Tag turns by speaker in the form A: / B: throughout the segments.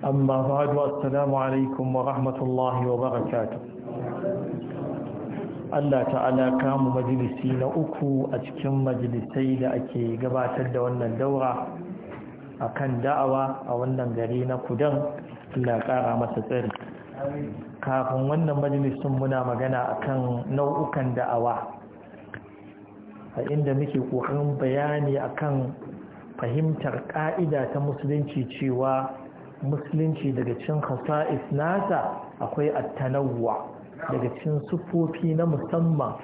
A: أما بعد والسلام عليكم ورحمة الله وبركاته Allah ta'ala kamu majalisi na uku a cikin majalisai da ake gabatar da wannan daura a kan da'awa a wannan gari na kudan Allah ƙara masa tsari kafin wannan majalisun muna magana kan nau'ukan da'awa a inda muke ƙoƙarin bayani kan fahimtar ƙa'ida ta musulunci cewa musulunci daga cikin khasa'is nasa akwai attanawwa daga cikin sufofi na musamman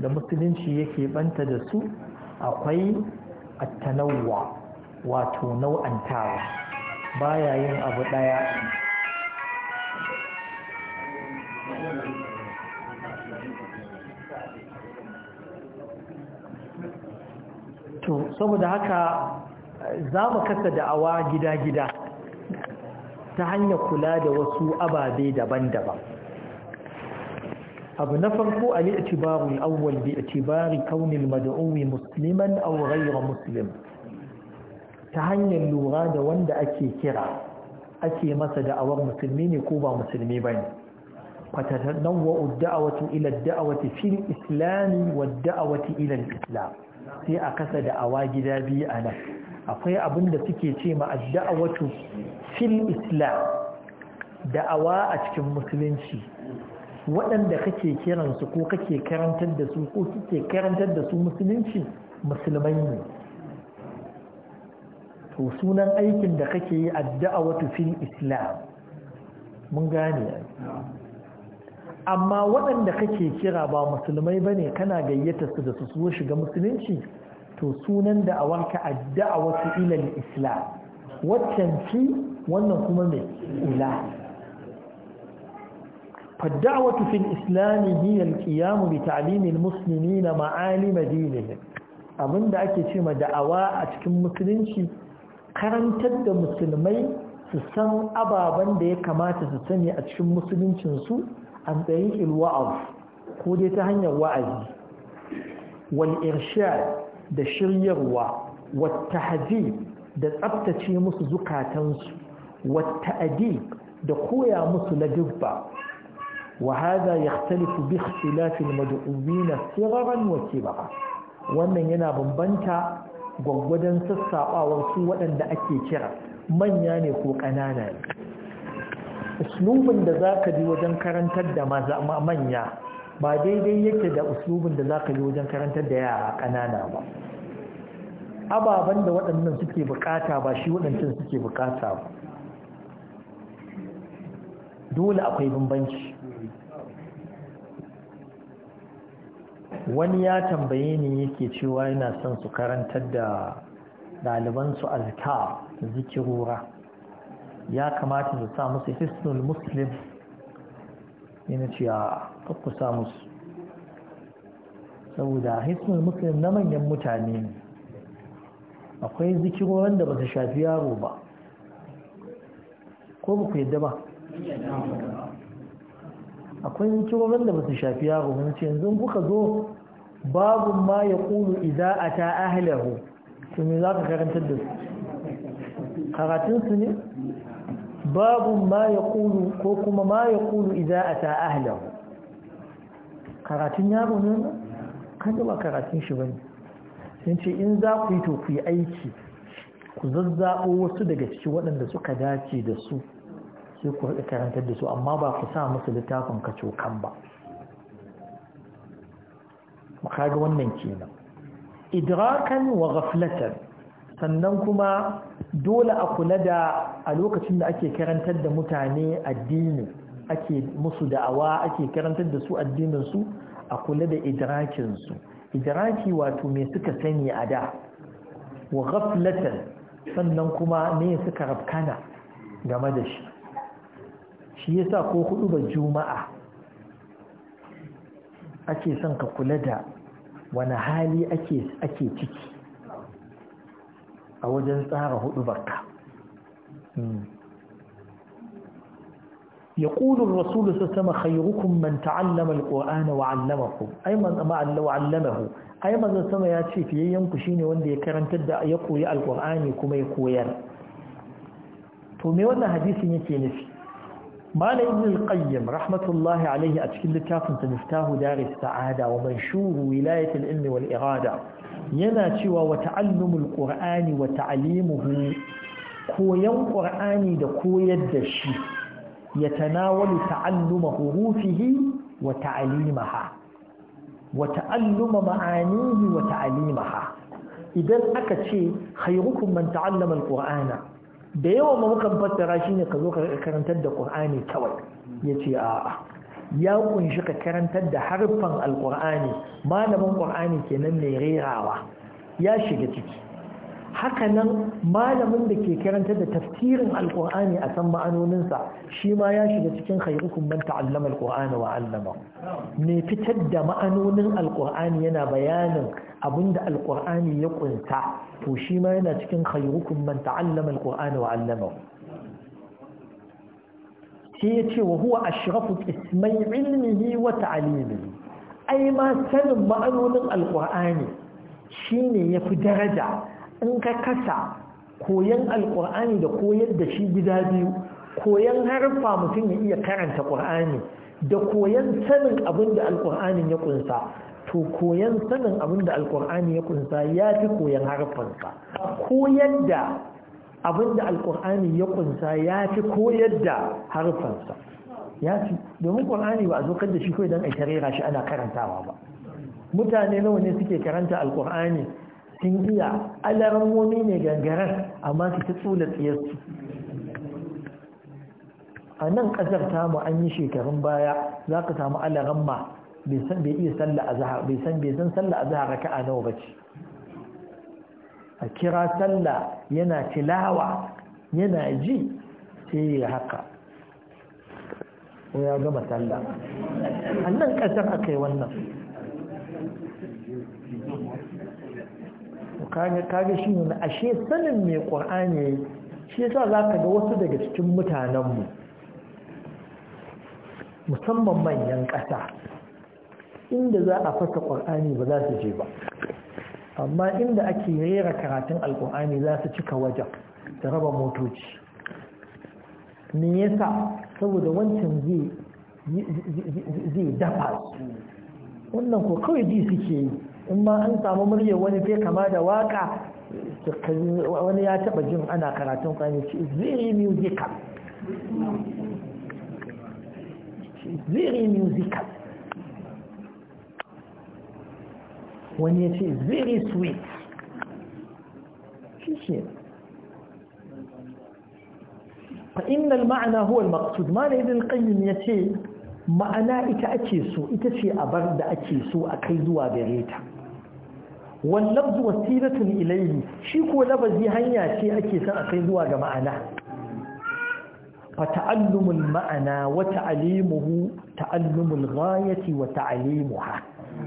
A: da musulunci yake banta da su akwai attanawwa wato nau'antawa baya yin abu daya to saboda haka za mu kasa da'awa gida-gida
B: ta hanyar kula
A: da wasu ababe daban-daban abu na farko a li'atibarul awwal bi itibari kaunil mad'uwi musliman aw ghayra muslim ta hanyar lura da wanda ake kira ake masa da'awar musulmi ne ko ba musulmi bane wa الدعوة إلى الدعوة isla. Sai a kasa da'awa gida biyu a nan. akwai abin da suke ce ma adda'awatu fil islam da'awa a cikin musulunci waɗanda kake kiransu ko kake karantar da su ko suke karantar da su musulunci musulmai ne to sunan aikin da kake yi adda'awatu fil islam mun gane amma waɗanda kake kira ba musulmai bane kana gayyata su da su shiga musulunci to sunan da awarka adda'awatu ila al-islam waccan fi wannan kuma mai ila فالدعوة في الإسلام هي القيام بتعليم المسلمين معالم دينهم abin da ake ce ma da'awa a cikin musulunci karantar da musulmai su san ababen da ya kamata su sani a cikin musuluncinsu an tsayin ilwa'af ko dai ta hanyar wa'azi wal irshad da shiryarwa wattahdi da tsabtace musu zukatansu ta'adi da koya musu ladubba وهذا يختلف باختلاف المدعوين صغرا وكبرا wannan yana bambanta gwaggwadon sassaɓawar su waɗanda ake kira manya ne ko ƙanana ne uslubin da za ka bi wajen karantar da manya ba daidai yake da uslubin da za ka yi wajen karantar da yara ƙanana ba ababen da waɗannan suke bukata ba shi waɗancan suke bukata ba dole akwai bambanci wani ya tambaye ni yake cewa yana son su karantar da ɗalibansu alka zikirura ya kamata su sa musu hisnul muslim yana ce kakkusa musu saboda hisnul muslim na manyan mutane ne akwai zikiro da ba su shafi yaro ba ko ba ku yadda ba akwai zikiro da ba su shafi yaro ba ce yanzu kuka zo babu ma ya idan idza ata ahlihu to me za ka karantar da su karatun su ne babu ma ya kulu ko kuma ma ya idan idza ata ahlihu karatun yaro ne ba kan ba karatun shi ba ne sun ce in za ku yi to ku yi aiki ku zazzaɓo wasu daga cikin waɗanda suka dace da su sai ku haɗa karantar da su amma ba ku sa musu littafin kacokan ba kaga wannan kenan idrakan wa ghaflatan sannan kuma dole a kula da a lokacin da ake karantar da mutane addini ake musu da'awa ake karantar da su addininsu a kula da idrakinsu idraki wato me suka sani a da wa ghaflatan sannan kuma me suka rafkana game da shi shi yasa ko hudu ba juma'a ake son ka kula da wani hali ake ciki a wajen tsara hudu barka hmm. يقول الرسول صلى الله عليه وسلم خيركم من تعلم القرآن وعلمه أي ya ما وعلمه أي من سما ياتي في يوم كشين وندي يكرن تبدا يقوي to me wannan hadisin yake nufi malam ibn al-qayyim rahmatullahi alayhi a cikin littafin sa miftahu daris sa'ada wa manshuru wilayat al-ilm wal irada yana cewa wa ta'allumul qur'ani wa ta'limuhu koyan qur'ani da koyar da shi يتناول تعلم حروفه وتعليمها وتعلم معانيه وتعليمها aka ce, خيركم من تعلم القرآن da yawan ma mukan fassara shi ne ka zo ka karantar da ƙur'ani kawai ya ce a ya kunshi ka karantar da harfan alƙur'ani malamin ƙur'ani kenan mai rerawa ya shiga ciki haka nan malamin da ke karanta da tafsirin alkur'ani a san ma'anoninsa shi ma ya shiga cikin khairukum man ta'allama alkur'ani wa 'allama ne fitar da ma'anonin alkur'ani yana bayanin abinda alkur'ani ya kunta to shi ma yana cikin khairukum man ta'allama alkur'ani wa 'allama sai ya ce wa huwa ashrafu ismai ilmihi wa ta'limihi ai ma sanin ma'anonin alkur'ani shine yafi daraja in ka kasa koyan alkur'ani da koyar da shi gida biyu koyan harfa mutum ya iya karanta ƙur'ani da koyan sanin abin da alkur'ani ya ƙunsa to koyan sanin abin da alƙur'ani ya ƙunsa ya fi koyan harfansa koyar da abin da alƙur'ani ya ƙunsa ya fi koyar da harfansa ya fi domin ƙur'ani ba a zokar da shi kawai don a tarera shi ana karantawa ba mutane nawa ne suke karanta alkur'ani sun iya momi ne gangaren amma su ta tsula tsiyarsu a nan ƙasar tamu an yi shekarun baya za ka samu alaramma bai san bai salla a zahar bai san bai salla a zahar raka'a nawa ba ce a kira salla yana tilawa yana ji sai ya haka ko ya gama salla a nan ƙasar aka yi wannan
B: kaga shi ne
A: ashe sanin mai ƙur'ani shi yasa za ka ga wasu daga cikin mutanenmu musamman manyan ƙasa inda za a fasa ƙur'ani ba za su je ba amma inda ake rera karatun alƙur'ani za su cika wajen da raba motoci me yasa saboda wancan zai dafa wannan ko kawai ji suke yi in ma an samu muryar wani sai kama da waka wani ya taba jin ana karatun kwanye ce very musical very musical wani ya ce very sweet shi shi فإن المعنى هو المقصود ما لإذن ya ce. ma'ana ita ake so ita ce a bar da ake so a kai zuwa gare ta wallabzu wasilatun ilayhi shi ko labazi hanya ce ake san akai zuwa ga ma'ana fata'allumul ma'ana wa ta'limuhu ta'allumul ghayati wa ta'limuha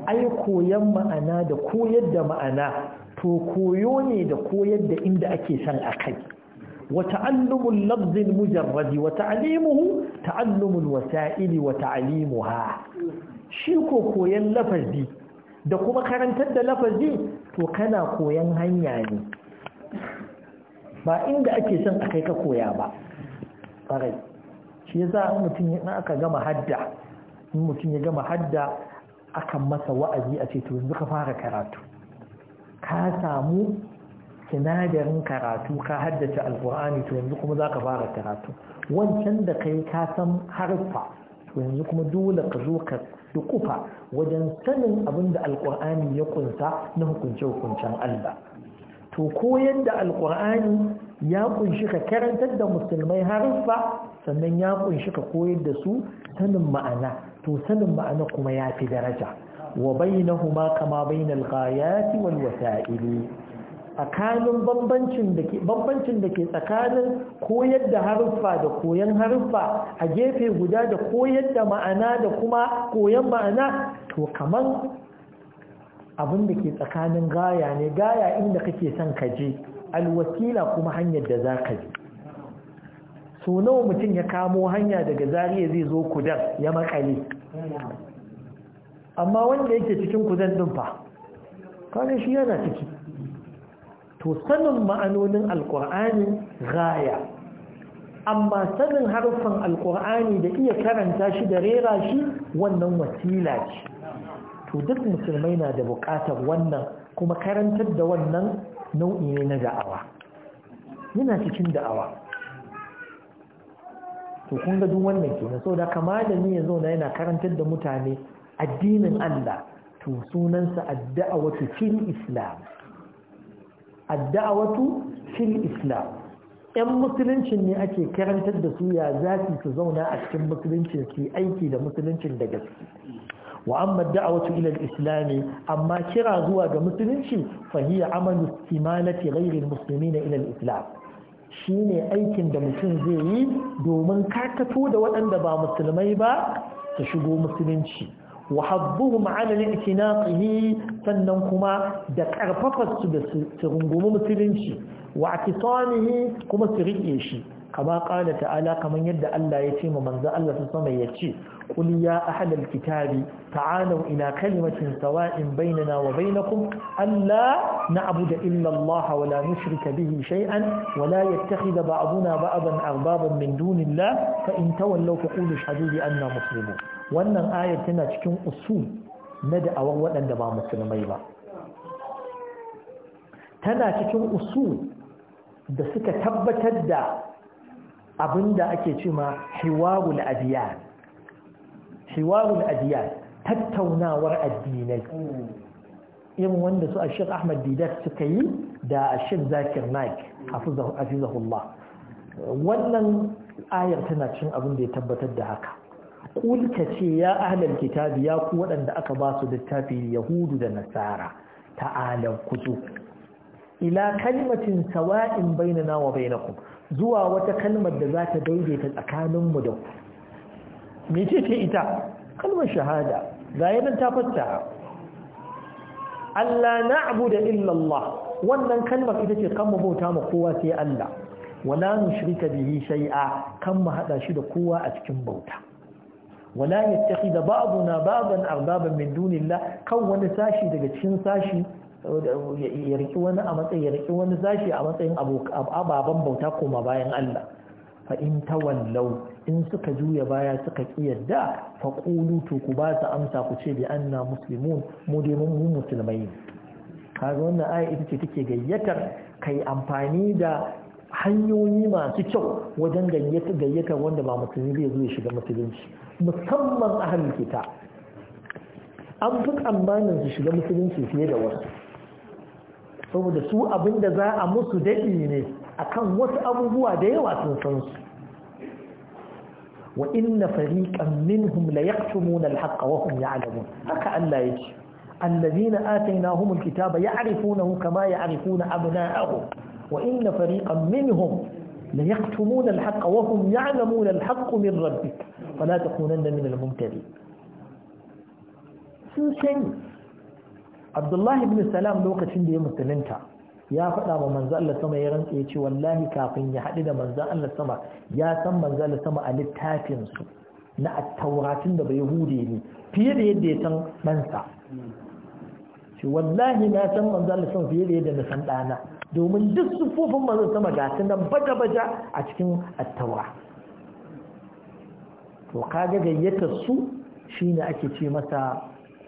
A: ai koyan ma'ana da koyar da ma'ana to koyo ne da koyar da inda ake san akai. kai wa ta'allumul lafzil mujarradi wa ta'limuhu ta'allumul wasa'ili wa ta'limuha shi ko koyan lafazi da kuma karantar da lafazi to kana koyan hanya ne ba inda ake son a kai ka koya ba ƙarai shi yasa mutum ya aka gama hadda in mutum ya gama hadda akan masa wa'azi a ce to yanzu ka fara karatu ka samu sinadarin karatu ka haddace alkur'ani to yanzu kuma za ka fara karatu wancan da kai ka san harfa to yanzu kuma dole ka zo ka dukufa wajen sanin abin da alkur'ani ya kunsa na hukunce-hukuncen Allah to ko yadda alkur'ani ya kunshi ka karantar da musulmai haruffa sannan ya kunshi ka koyar da su sanin ma'ana to sanin ma'ana kuma ya fi daraja wa bainahuma kama bainal ghayati wal wasa'ili tsakanin bambancin da ke tsakanin koyar da haruffa da koyan haruffa a gefe guda da koyar da ma'ana da kuma koyan ma'ana to kamar abin da ke tsakanin gaya ne gaya inda kake son ka je alwasila kuma hanyar da za ka je so nawa mutum ya kamo hanya daga zariya zai zo kudan ya makale amma wanda yake cikin kudan din fa kare shi yana ciki to sanin ma'anonin alkur'ani gaya amma sanin harfan alkur'ani da iya karanta shi da rera shi wannan wasila ce to duk musulmai na da buƙatar wannan kuma karantar da wannan nau'i ne na da'awa yana cikin da'awa to kun ga duk wannan ke na sauda kama da ni ya zauna yana karantar da mutane addinin Allah to sunansa addu'a wata cikin islam adda'awatu fil islam yan musuluncin ne ake karantar da su ya zafi su zauna a cikin musuluncin su aiki da musuluncin da gaske wa amma da'awatu ila al-islam amma kira zuwa ga musulunci fa hiya amalu istimalati ghayri al-muslimin ila al-islam shine aikin da mutum zai yi domin karkato da waɗanda ba musulmai ba su shigo musulunci wa hadduhum ala al-itinaqihi sannan kuma da karfafar da su rungumi musulunci wa atisanihi kuma su riƙe shi kama kala ta'ala kaman yadda Allah ya ce ma manzo Allah su sama ya ce qul ya ahlal kitabi ina ila kalimatin sawa'in bainana wa bainakum alla na'budu illa Allah wa la nushrika bihi shay'an ba la yattakhidha ba ba'dan arbaban min dunillah fa in tawallaw faqulu ashhadu bi anna muslimun wannan ayar tana cikin usul na da'awar waɗanda ba musulmai ba tana cikin usul da suka tabbatar da abinda ake cima hiwarul adiyan hiwarul adiyan tattaunawar addinai irin wanda su ashir ahmad didat suka yi da ashir zakir naik hafizahullah wannan ayar tana cin abin da ya tabbatar da haka kun ce ya ahlal kitabi ya ku waɗanda aka basu su littafi yahudu da nasara ta'alan kuzo ila kalmatin sawa'in bainana wa bainakum zuwa wata kalmar da za ta daidaita tsakanin mu da me ce ce ita kalmar shahada ga yadda ta fata Allah na'budu da illallah wannan kalmar ita ce kan bauta ma kowa sai Allah wala nushrika bihi shay'a kan mu hada shi da kowa a cikin bauta wala babu na baban arbaban min dunillah kan wani sashi daga cikin sashi ya riki wani a matsayin ya riki wani sashi a matsayin ababen bauta koma bayan Allah fa in tawallau in suka juya baya suka kiyarda fa qulu to ku ba su amsa ku ce bi anna muslimun mu dai mun musulmai kaga wannan aya ita ce take gayyatar kai amfani da hanyoyi masu kyau wajen gayyatar wanda ba musulmi zai zo ya shiga musulunci musamman ahalin kita an fi tsammanin su shiga musulunci fiye da wasu saboda su abin da za a musu daɗi ne akan wasu abubuwa da yawa sun san su wa inna fariqan minhum la yaktumuna al-haqqa wa hum ya'lamun haka Allah yake الذين آتيناهم الكتاب يعرفونه كما يعرفون أبناءهم wa inna fariqan minhum la yaktumuna al-haqqa wa hum ya'lamuna al-haqqu min min al sun sani Abdullahi ibn Salam lokacin da ya musulunta ya faɗa wa manzo Allah sama ya rantsa ya ce wallahi kafin ya haɗu da manzo Allah sama ya san manzo Allah sama a littafin su na at-tauratun da bai hude ne fiye da yadda ya san ɗansa ce wallahi na san manzo Allah sun fiye da yadda na san ɗana, domin duk sufofin manzo sama ga su nan baja baja a cikin attawa to kaga gayyatar su shine ake ce masa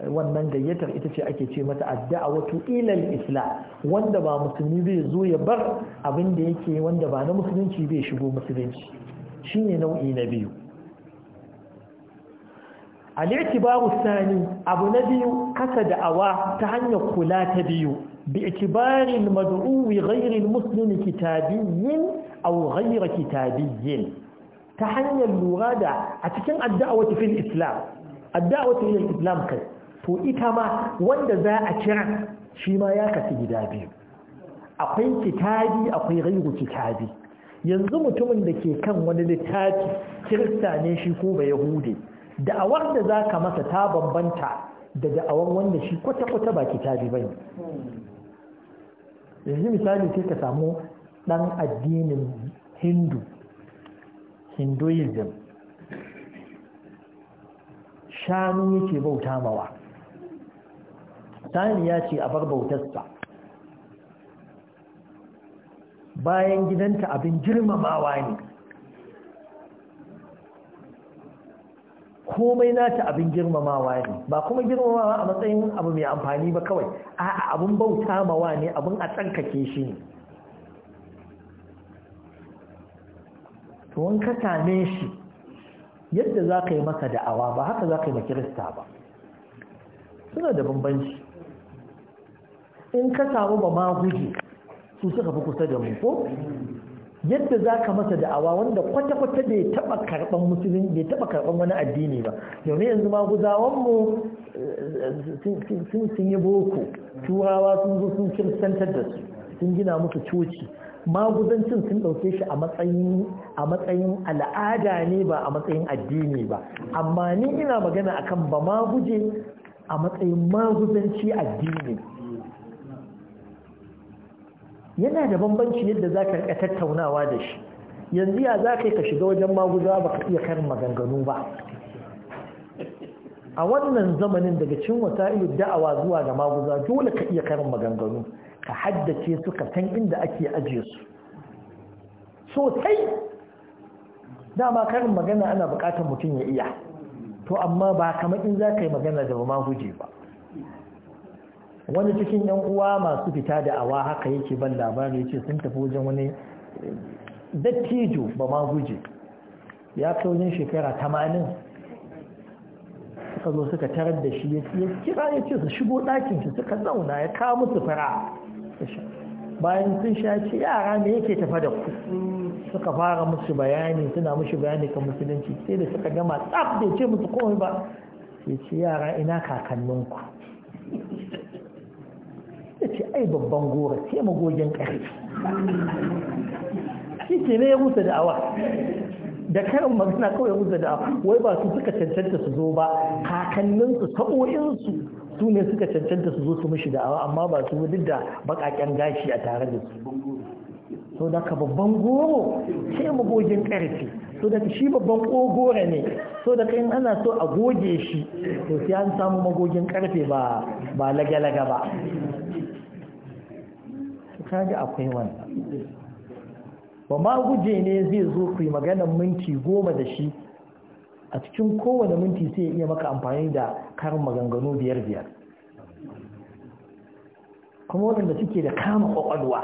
A: wannan gayyatar ita ce ake ce mata addu'a ila ilal islam wanda ba musulmi zai zo ya bar abin da yake wanda ba na musulunci bai shigo musulunci shine nau'i na biyu al'itibaru sani abu na biyu kasa da awa, ta hanyar kula ta biyu bi itibarin mad'uwi ghairin muslimi kitabiyyin aw ghaira kitabiyyin ta hanyar lura da a cikin addu'a fil islam fil islam kai to ita ma wanda za a kira shi ma ya kasu gida biyu akwai kitabi akwai ghairu kitabi yanzu mutumin da ke kan wani littafi kirista ne shi ko ba yahudi da'awar da za ka masa ta bambanta da da'awar wanda shi kwata-kwata ba kitabi ba ne yanzu misali sai ka samu ɗan addinin hindu hinduism shanu yake bauta mawa sani ya ce a bar bautarsa bayan gidanta abin girmamawa ne komai nata abin girmamawa ne ba kuma girmamawa a matsayin abu mai amfani ba kawai a abin bauta mawa ne abin a tsankake shi ne tuwon ka same shi yadda za ka yi masa da'awa ba haka za ka yi makirista ba suna da bambanci in ka samu ba ma guji su suka fi kusa da mu ko yadda za ka masa da'awa wanda kwata-kwata bai taɓa karɓar musulun bai taɓa karɓar wani addini ba domin yanzu ma mu sun yi boko turawa sun zo sun kirsantar da su sun gina musu coci maguzancin sun ɗauke shi a matsayin a matsayin al'ada ne ba a matsayin addini ba amma ni ina magana akan ba maguje a matsayin maguzanci addini yana da bambanci yadda za ka rika tattaunawa da shi yanzu ya za ka shiga wajen maguza ba ka iya karin maganganu ba a wannan zamanin daga cin wata irin da'awa zuwa ga maguza dole ka iya karin maganganu ka haddace su ka san inda ake ajiye su sosai dama karin magana ana bukatar mutum ya iya to amma ba kamar in za ka yi magana da ba ma guje ba wani cikin yan uwa masu fita da awa haka yake ban labari yake sun tafi wajen wani eh, dattijo ba ma guje ya kai shekara tamanin suka zo suka tarar da shi ya kira ya ce su shigo ɗakin shi suka zauna ya kawo musu fara bayan sun sha ce yara ne yake tafa da ku suka fara musu bayani suna musu bayani kan musulunci sai da suka gama tsaf da ce musu komai ba ya ce yara ina kakanninku ai babban gora sai magogin kare
B: shi ke ne ya rusa awa
A: da karin magana kawai ya rusa awa wai ba su suka cancanta su zo ba kakanninsu sa'o'insu su ne suka cancanta su zo su mishi awa amma ba su duk da bakaken gashi a tare da su so da ka babban goro sai magogin karfe. so da shi babban ƙogora ne so da in ana so a goge shi to sai an samu magogin karfe ba lagalaga ba kaji akwai wannan ba ma guje ne zai zo ku yi maganar minti goma da shi a cikin kowane minti sai iya maka amfani da karin maganganu biyar biyar kuma waɗanda suke da kama ƙwaƙwalwa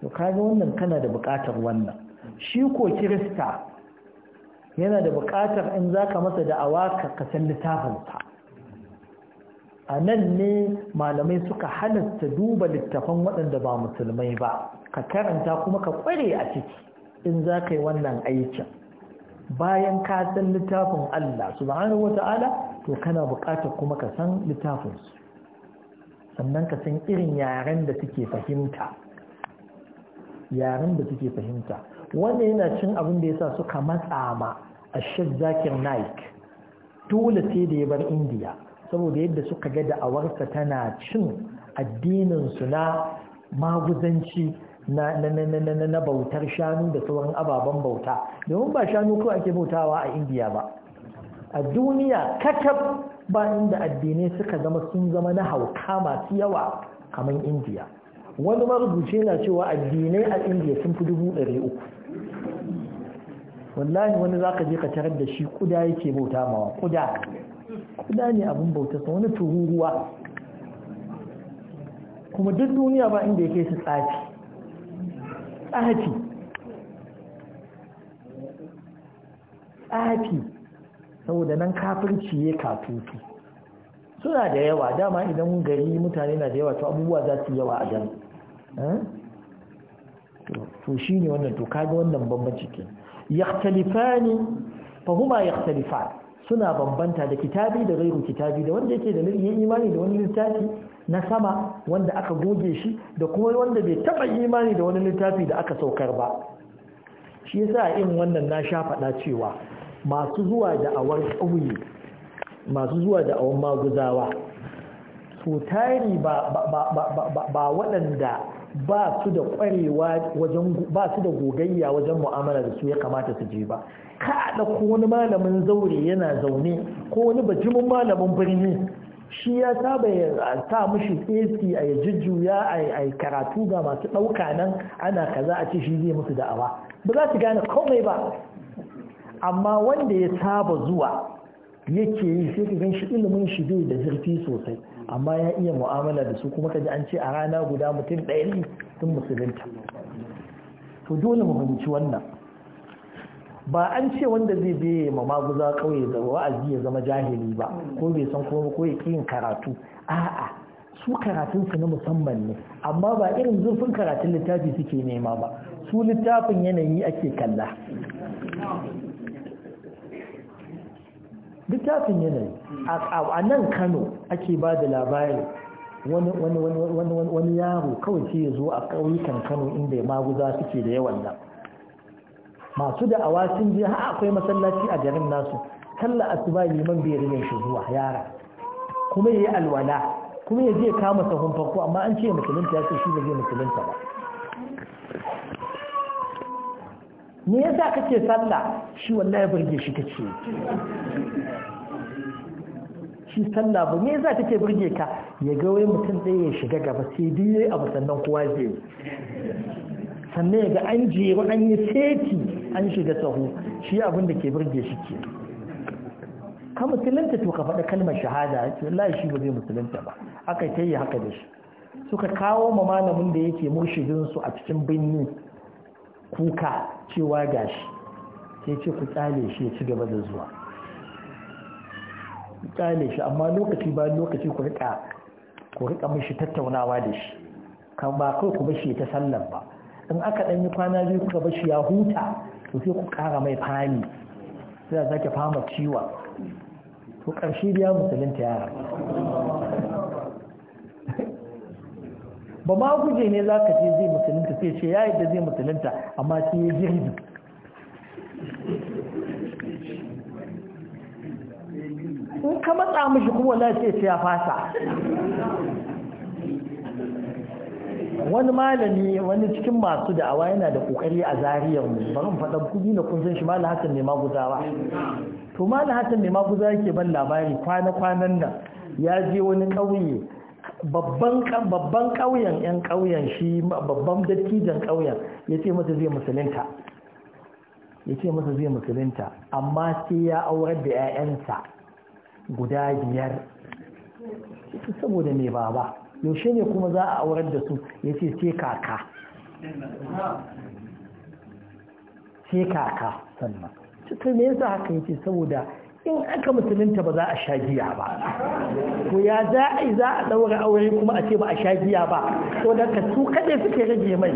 A: to kaga wannan kana da buƙatar wannan shi ko kirista yana da buƙatar in za ka masa da'awa ka san littafinsa a nan ne malamai suka halasta duba littafan waɗanda ba musulmai ba ka karanta kuma ka ƙware a ciki in za ka yi wannan aikin bayan ka san littafin Allah subhanahu wa ta'ala to kana buƙatar kuma ka san littafinsu sannan ka san irin yaren da suke fahimta yaren da suke fahimta wanda yana cin abin da yasa suka matsa ma a shek zakir naik dole sai da ya bar indiya saboda yadda suka ga da'awarsa tana cin addininsu na maguzanci na bautar shanu da sauran ababen bauta domin ba shanu ko ake bautawa a indiya ba a duniya katab ba inda addinai suka zama sun zama na hauka masu yawa kamar indiya wani marubuci na cewa addinai a indiya sun fi dubu ɗari uku wallahi wani za ka je ka tarar da shi kuda yake bauta mawa kuda kuda ne abin bauta sa wani tururuwa kuma duk duniya ba inda yake su tsafi tsafi tsafi saboda nan kafirci ya katutu suna da yawa dama idan gari mutane na da yawa to abubuwa za su yawa a jan eh? to shi ne wannan to kaga wannan bambanci ke yaktalifani fa yaktalifani suna bambanta da kitabi da gairu kitabi da wanda yake da nirgin imani da wani littafi na sama wanda aka goge shi da kuma wanda bai taba imani da wani littafi da aka saukar ba shi yasa in wannan na sha faɗa cewa masu zuwa da awar ƙauye masu zuwa da awar maguzawa so tari ba waɗanda ba su da kwarewa wajen ba su da gogayya wajen mu'amala da su ya kamata su je ba ka da ko wani malamin zaure yana zaune ko wani bajimin malamin birni shi ya saba ya sa mishi AC a ya jujjuya a karatu ga masu ɗauka nan ana kaza a ci shi zai musu da'awa ba za su gane komai ba amma wanda ya saba zuwa yake yi sai ka gan shi ilimin shi bai da zurfi sosai amma ya iya mu'amala da su kuma kaji an ce a rana guda mutum ɗaya ne sun musulunta to dole mu fahimci wannan ba an ce wanda zai biye ma maguza kauye da wa'azi ya zama jahili ba ko bai san komai ko ya yin karatu a'a su karatun su na musamman ne amma ba irin zurfin karatun littafi suke nema ba su littafin yanayi ake kalla littafin yanayi a nan kano ake ba da labari wani yaro kawai ce ya zo a ƙauyukan kano inda maguza suke da yawan nan masu da awa sun je ha akwai masallaci a garin nasu kalla asuba neman bai rinin shi zuwa yara kuma ya yi alwala kuma ya je kama sahun farko amma an ce musulunta ya ce shi ba zai musulunta ba me yasa kake sallah shi wallahi burge shi kace shi sallah ba me yasa kake burge ka ya ga wai mutum ɗaya ya shiga gaba sai dai yayi abu sannan kowa zai sannan ya ga an jeru an yi seti an shiga sahu shi abin da ke burge shi ke ka musulunta to ka faɗa kalmar shahada wallahi shi ba zai musulunta ba aka yi haka da shi suka kawo ma malamin da yake murshidinsu a cikin birni kuka cewa gashi sai ce ku tsale shi ya ci gaba da zuwa ku tsale shi amma lokaci ba lokaci ku rika ku rika mishi tattaunawa da shi kan ba kawai ku bashi ta sallar ba in aka dan yi kwana biyu kuka bashi ya huta to sai ku kara mai fami sai za zaki fama ciwon to ƙarshe biya musulunta rabu ba ma guje ne za ka ce zai musulunta sai ce ya yadda zai musulunta amma sai ya girbi
B: in ka matsa mishi
A: kuma wala sai ce ya fasa
B: wani malami
A: wani cikin masu da'awa yana da kokari a zariyar mu ba mu faɗa kudi na kun san shi malam Hassan ne maguzawa to malam Hassan ne maguzawa yake ban labari kwana kwanan nan ya je wani ƙauye babban ƙauyen 'yan ƙauyen shi babban dattijan ƙauyen ya ce masa zai musulunta ya ce masa zai musulunta amma sai ya aurar da 'ya'yansa guda biyar saboda mai baba yaushe ne kuma za a aurar da su ya ce sai kaka sai kaka sannan cikin me yasa haka ya ce saboda in aka musulunta ba za a sha giya ba to ya za a yi za a ɗaura aure kuma a ce ba a sha giya ba to da ka su kaɗai suke rage mai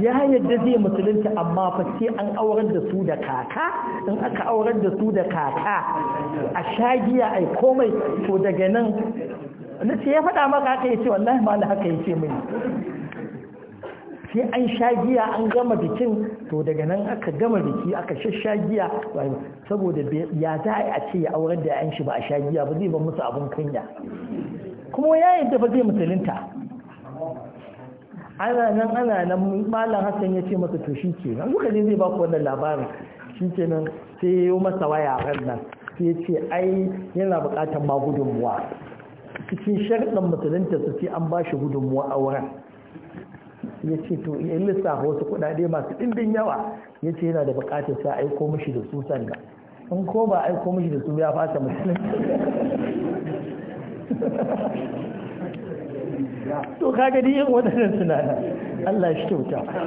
A: ya yadda zai musulunta amma fa sai an aurar da su da kaka in aka aurar da su da kaka a sha giya ai komai to daga nan na ce ya faɗa maka haka ya ce wallahi ma haka ya ce mai sai an sha giya an gama bikin to daga nan aka gama biki aka shasha giya saboda ya za a ce ya aurar da yan shi ba a sha giya ba zai ban musu abun kanya kuma ya yi ba zai musulunta ana nan ana nan malam hassan ya ce masa to shi ke nan ne zai ba ku wannan labarin shi ke nan sai ya yi masa waya a nan sai ya ce ai yana buƙatar ma gudunmuwa cikin sharɗin musulunta su ce an ba shi gudunmuwa auren ya ce to in lissafa wasu kudade masu ɗimbin yawa ya ce yana da buƙatar sa aiko mishi da su sanda in ko ba aiko mishi da su ya fasa musulunci
B: to kaga dai yin waɗannan
A: tunanin. Allah shi kyauta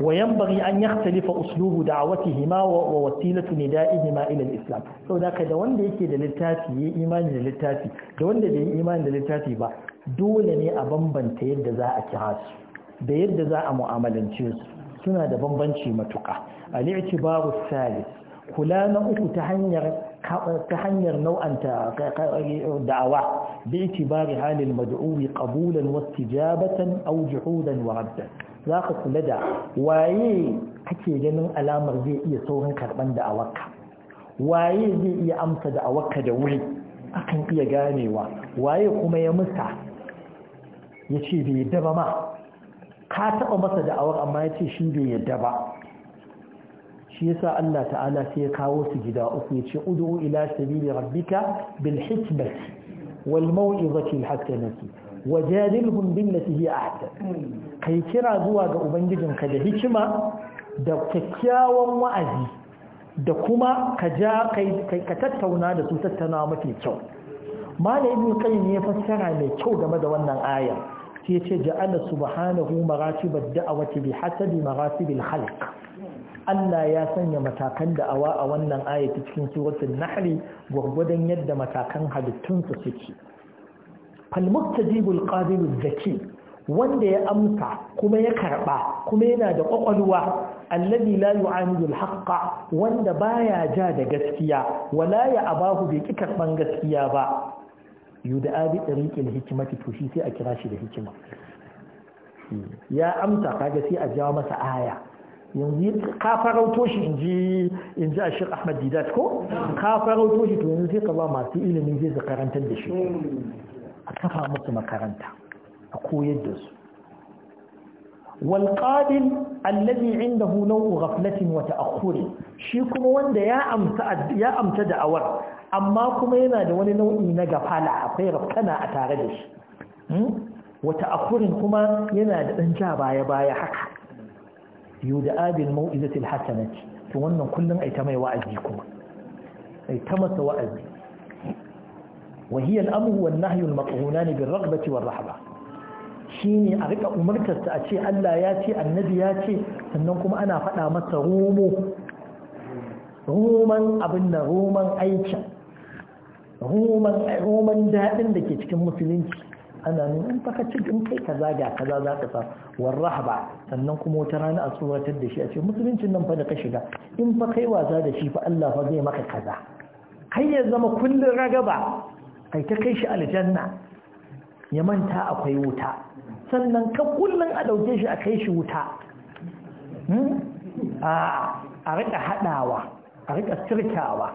A: wa bari an yakhtalifa uslubu da'awatihima wa wasilatu nida'ihima ila al-islam da ka da wanda yake da littafi yayi imani da littafi da wanda bai yi imani da littafi ba dole ne a bambanta yadda za a kira su da yadda za a mu'amalance su suna da bambanci matuƙa al'itibaru salis kula na uku ta hanyar nau'an hanyar nau'anta da'awa bi itibari halil mad'ubi qabulan wastijabatan aw juhudan wa za zaka kula da waye kake ganin alamar zai iya saurin karban da'awarka waye zai iya amsa da'awarka da wuri akan iya ganewa waye kuma ya musa yace bai daba ma ka taɓa masa da'awar amma ya ce shi bai yadda ba shi yasa Allah ta'ala sai ya kawo su gida uku ya ce udu ila sabili rabbika bil hikmati wal mau'izati al hasanati wajadilhum billati hi ahsan kai kira zuwa ga ubangijin ka da hikima da kyakkyawan wa'azi da kuma ka ja ka tattauna da su tattauna mafi kyau malamin kai ne ya fassara mai kyau game da wannan ayar sai ce ja'ala subhanahu maratibad da'awati bi hasabi maratibil khalq Allah ya sanya matakan da'awa a wannan ayati cikin suratul nahl gurgudan yadda matakan halittun su suke fal muktajibul qabilul zaki wanda ya amsa kuma ya karba kuma yana da kwakwalwa alladhi la yu'amilu al-haqqa wanda baya ja da gaskiya wala ya abahu bi kikar ban gaskiya ba yuda'a bi tariqil hikmati to shi sai a kira shi da hikima ya amsa kaga sai a jawo masa aya yanzu ka farauto shi inji inji Ashir Ahmad Didat ko ka farauto shi to yanzu sai ka ba masu ilimi zai su karantar da shi a kafa musu makaranta a koyar da su والقابل الذي عنده نوع غفلة وتأخر شيكم وند يا أمت يا أمت دعور أما كما ينادى ولي نوع نغفلة أخير كنا أتاردش وتأخر كما ينادى أنجا بايا بايا حق يدعى بالموئزة الحسنة فوانا كلنا ايتما يوأزيكم ايتما سوأزي وهي الأمر والنهي المطعونان بالرغبة والرحبة shine a rika umartarsa a ce Allah ya ce annabi ya ce sannan kuma ana faɗa masa rumo ruman abin da ruman aikin ruman daɗin da ke cikin musulunci ana nun in faka ci in kai kaza ga kaza za ka sa sannan kuma wata rana a tsoratar da shi a ce musuluncin nan fa da ka shiga in fa kai wasa da shi fa Allah fa zai maka kaza kai ya zama kullun ragaba kai ta kai shi aljanna ya manta akwai wuta sannan ka kullum a ɗauke shi a kai shi wuta hmm? a rika haɗawa a rika sirkawa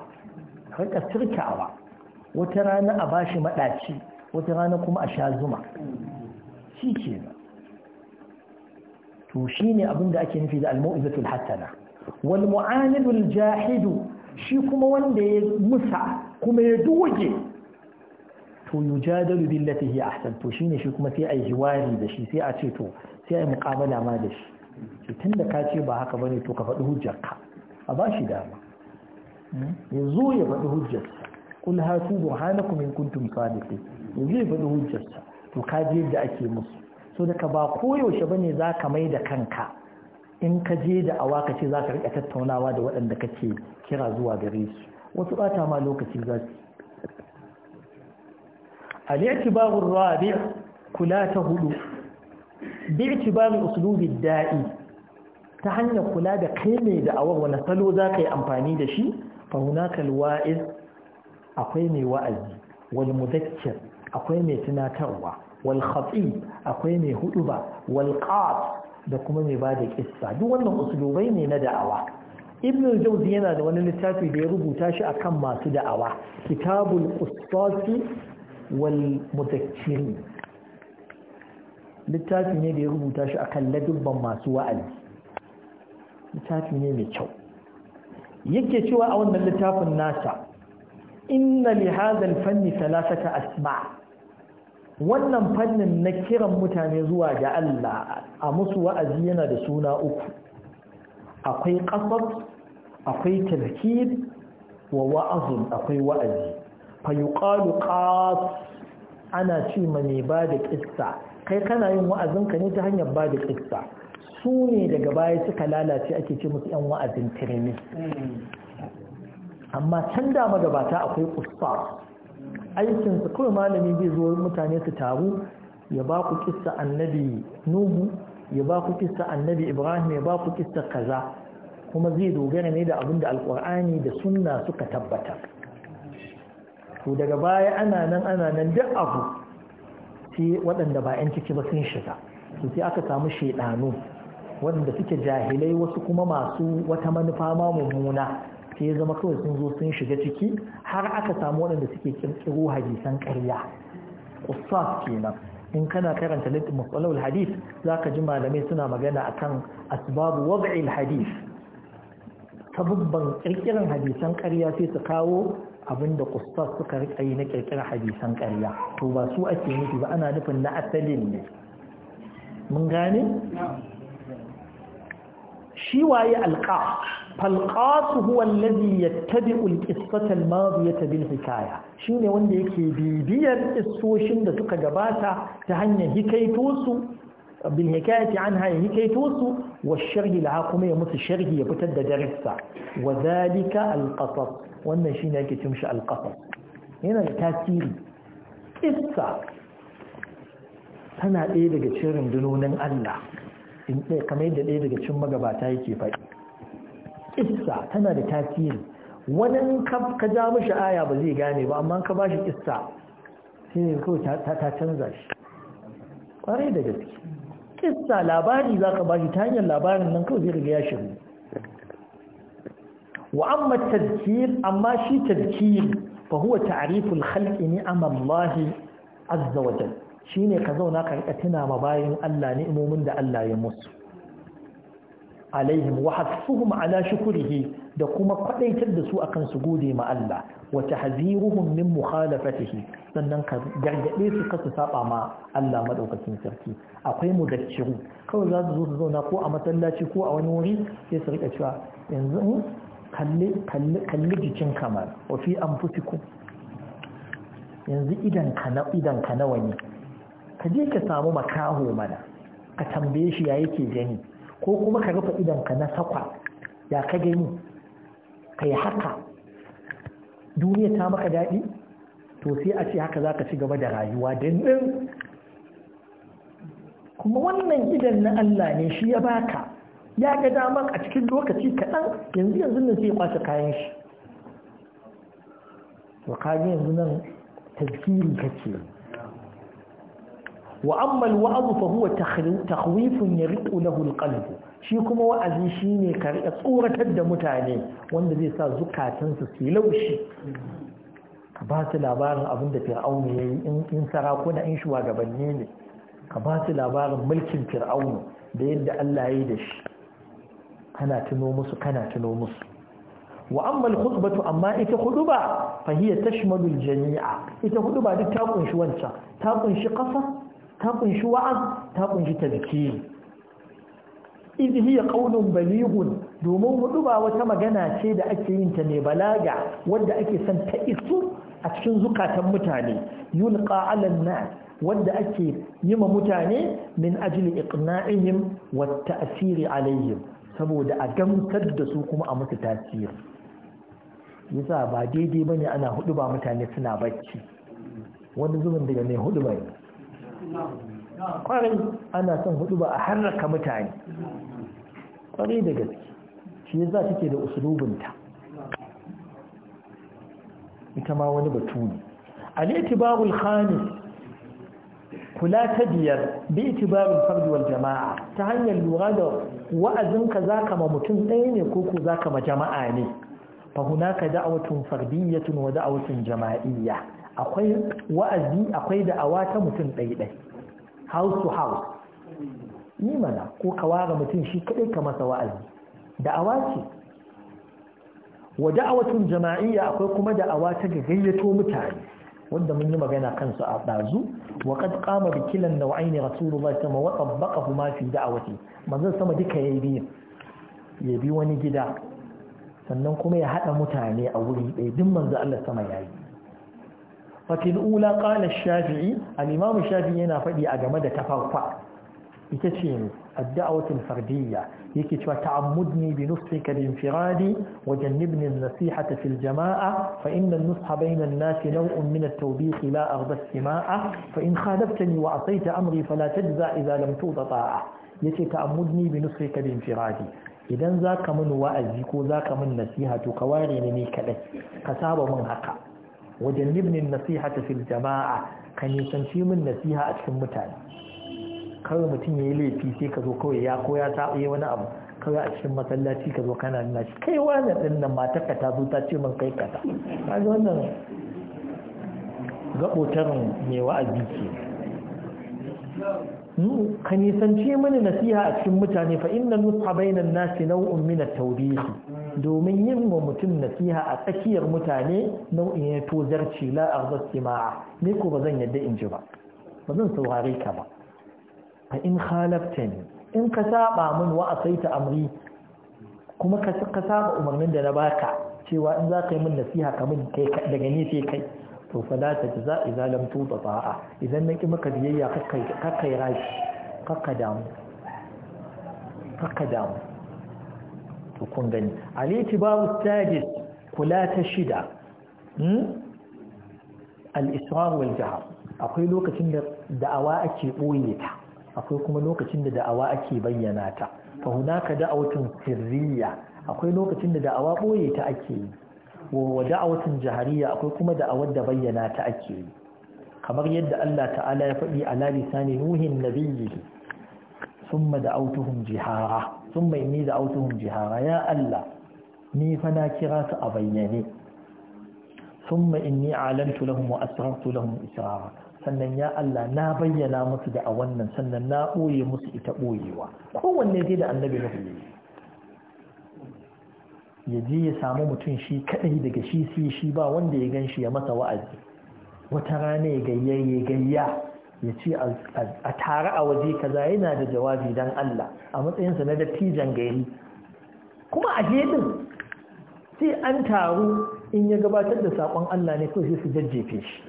A: a rika wata rana a bashi maɗaci wata rana kuma a sha zuma shi ke to shi ne abinda ake nufi da almu'izatul hattana wal mu'anidul jahidu shi kuma wanda ya musa kuma ya doge to yujadalu billati hi ahsan to shine shi kuma sai ai hiwari da shi sai a ce to sai ai muqabala ma da shi to tunda ka ce ba haka bane to ka faɗi hujjarka a ba shi dama hmm? yanzu ya faɗi hujjarsa kul hatu burhanakum in kuntum sadiqin yanzu ya faɗi hujjarsa to ka je yadda ake musu so ka ba koyaushe bane za ka mai da kanka in ka je da awa ka ce za ka riƙa tattaunawa da waɗanda kake kira zuwa gare su wasu ɓata ma lokaci za su الاعتبار الرابع kula ta hudu bi itibari uslubi da'i ta hanyar kula da kai mai da'awar wani salo za ka yi amfani da shi Faunakal wa'iz akwai mai wa'azi wal mudakkir akwai mai tunatarwa wal akwai mai huduba wal qat da kuma mai bada kissa duk wannan uslubai ne na da'awa ibn al-jawzi yana da wani littafi da ya rubuta shi akan masu da'awa kitabul qustasi wal littafi ne da ya rubuta shi akan ladubban masu wa'azi littafi ne mai kyau yake cewa a wannan littafin nasa inna li fanni al-fanni thalathata asma' wannan fannin na kiran mutane zuwa ga Allah a musu wa'azi yana da suna uku akwai ƙasar akwai tarkir wa wa'azun akwai wa'azi fayuqalu qas ana ci ma mai ba da kissa kai kana yin wa'azinka ne ta hanyar ba da kissa su ne daga baya suka lalace ake ce musu yan wa'azin tirmi amma can da magabata akwai kusfa aikin su kawai malami zai zo mutane su taru ya ba ku kissa annabi nuhu ya ba ku kissa annabi ibrahim ya ba ku kissa kaza kuma zai dogara ne da abin da alkur'ani da sunna suka tabbata to daga baya ana nan ana nan duk abu sai waɗanda ba 'yan ciki ba sun shiga to sai aka samu shaidanu waɗanda suke jahilai wasu kuma masu wata manufa ma mummuna sai zama kawai sun zo sun shiga ciki har aka samu waɗanda suke kirkiro hadisan ƙarya ƙusas kenan in kana karanta littafin masalawul hadith zaka ji malamai suna magana akan asbabu wad'il hadis sababban kirkiran hadisan ƙarya sai su kawo abinda kustas suka rika yi na kirkira hadisan ƙarya to ba su ake nufi ba ana nufin na asalin ne mun gane shi waye alqa falqas huwa alladhi yattabi'u alqissata almadiyata bil hikaya shine wanda yake bibiyar kissoshin da suka gabata ta hanyar hikaito su ya عنها يهكي توسو والشرح لها قمي يمس الشرح يبتد درسة وذلك القصص وأن شينا alƙasar. Yana da tasiri. قصة tana ɗaya daga cikin rundunonin Allah kamar yadda ɗaya daga cin magabata yake faɗi Kissa tana da tasiri wani ka ja mishi aya ba zai gane ba amma ka ba shi kissa sai ne kawai ta canza shi ƙwarai da gaske kissa labari za ka ba shi ta hanyar labarin nan kawai zai ya shiru wa amma tadkir amma shi tadkir fa huwa ta'riful khalqi ni'amal Allah azza wa jalla shine ka zauna ka rika tuna ma bayin Allah ni'imomin da Allah ya musu alaihim wa hasfuhum ala shukrihi da kuma kwadaitar da su akan su gode ma Allah wa tahziruhum min mukhalafatihi sannan ka gargade su ka saba ma Allah madaukakin sarki akwai mudakkiru kawai za su zo su zauna ko a masallaci ko a wani wuri sai su rika cewa yanzu kalli kalli kalli jikin kamar wa fi anfusikum yanzu idan ka na idan ka nawa ne ka je ka samu makaho mana ka tambaye shi ya yake gani ko kuma ka rufe idonka na sakwa ya ka gani ka yi haka duniya ta maka daɗi to sai a ce haka za ka ci gaba da rayuwa dindin kuma wannan idan na Allah ne shi ya baka ya ga damar a cikin lokaci kaɗan yanzu yanzu nan sai ya kwace kayan shi to kaji yanzu nan tazkiri kake ke. وأما الوعظ فهو تخويف يرق له القلب shi kuma wa'azi shi ne karɓa tsoratar da mutane wanda zai sa zukatansu su laushi ka ba su labarin abin da fir'aunu ya yi in sarakuna in shugabanni ne ka ba su labarin mulkin fir'aunu da yadda Allah ya yi da shi kana tuno musu kana tuno musu wa amma al-khutbatu amma ita khutba fa hiya tashmalu al-jami'a ita khutba duk ta kunshi wancan ta kunshi kafa ta kunshi wa'az ta kunshi tazkiri idh ya qawlun domin hudu ba wata magana ce da ake yin ta ne balaga wadda ake son ta isu a cikin zukatan mutane yulqa ala na wadda ake yi ma mutane min ajli iqna'ihim wa ta'siri alaihim saboda a gamsar da su kuma a musu tasiri yasa ba daidai bane ana hudu ba mutane suna bacci wani zubin daga mai hudu bai kwarai ana son hudu ba a harraka mutane kwarai da gaske shi yasa take da usulubinta ita ma wani batu ne al-itibabul khamis kula ta biyar bi itibarin fardi jama'a ta hanyar lura da wa'azinka ka ma mutum ɗaya ne ko ko zaka ma jama'a ne fa hunaka da'watun fardiyyatun wa da'awatun jama'iyya akwai wa'azi akwai da ta mutum ɗaiɗai house to house ni mana ko ka ware mutum shi kaɗai ka masa wa'azi awa ce wa da'awatun jama'iyya akwai kuma da awata ta gayyato mutane wanda mun yi magana kansu a ɗazu wa kad qama bi kilan naw'ain rasulullahi ta wa tabbaqahuma fi da'awati manzon sama duka yayi biyu ya bi wani gida sannan kuma ya hada mutane a wuri ɗaya duk manzo Allah sama yayi ففي الأولى قال الشافعي الإمام الشافعي هنا فدي أجمد تفرقا يتشين الدعوة الفردية يكتوى تعمدني بنصحك الانفراد وجنبني النصيحة في الجماعة فإن النصح بين الناس نوع من التوبيخ لا أرضى السماع فإن خالفتني وعصيت أمري فلا تجزى إذا لم توض طاعة يتي تعمدني بنصحك الانفراد إذا ذاك من وأزيك ذاك من نصيحة كواري لني كذلك كساب من هكا Wajen nasiha ta fil jama'a ka كان min nasiha a cikin mutane kawai mutum ya yi laifi sai ka zo kawai ya koya ta yi wani abu kawai a cikin masallaci ka zo kana nuna shi kai wani ɗin nan ka ta zo ta ce min kai kata ta ga wannan gaɓotarin mai wa'azi ke ka nisance mini nasiha a cikin mutane fa inna nusha bainan nasi nau'un min at-tawbih domin yin wa mutum nasiha a tsakiyar mutane nau'in ya tozarci la arda simaa ne ko bazan yadda in ji ba bazan saurare ka ba fa in khalaftani in ka saba min wa asaita amri kuma ka saba umarnin da na baka cewa in za ka yi min nasiha ka kai daga ni sai kai to fa la tajza idza lam tuta ta'a idan naki maka biyayya kakkai kakkai rashi kakka damu kakka damu to kun gani al-itibaru tajid kula ta shida hmm? al-israr wal jahr akwai lokacin da da'awa ake boye ta akwai kuma lokacin da da'awa ake bayyana ta fa hunaka da'awatun sirriya akwai lokacin da da'awa boye ta ake yi wa da'awatun jahariya akwai kuma da'awar da bayyana ta ake yi kamar yadda Allah ta'ala ya faɗi ala lisani nuhin nabiyyi summa da'awtuhum jihara summa inni da'awtuhum jihara ya Allah ni fa na kira su a bayyane summa inni alantu lahum wa asrartu lahum israra sannan ya Allah na bayyana musu da a wannan sannan na ɓoye musu ita ɓoyewa kowanne dai da annabi nuhu ya je ya samu mutum shi kadai daga shi sai shi ba wanda ya gan shi ya masa wa'azi wata rana ya gayya gayya ya ce a tare a waje kaza yana da jawabi don Allah a matsayinsa na dattijan gari kuma a gedin sai an taru in ya gabatar da sakon Allah ne kawai sai su jajjefe shi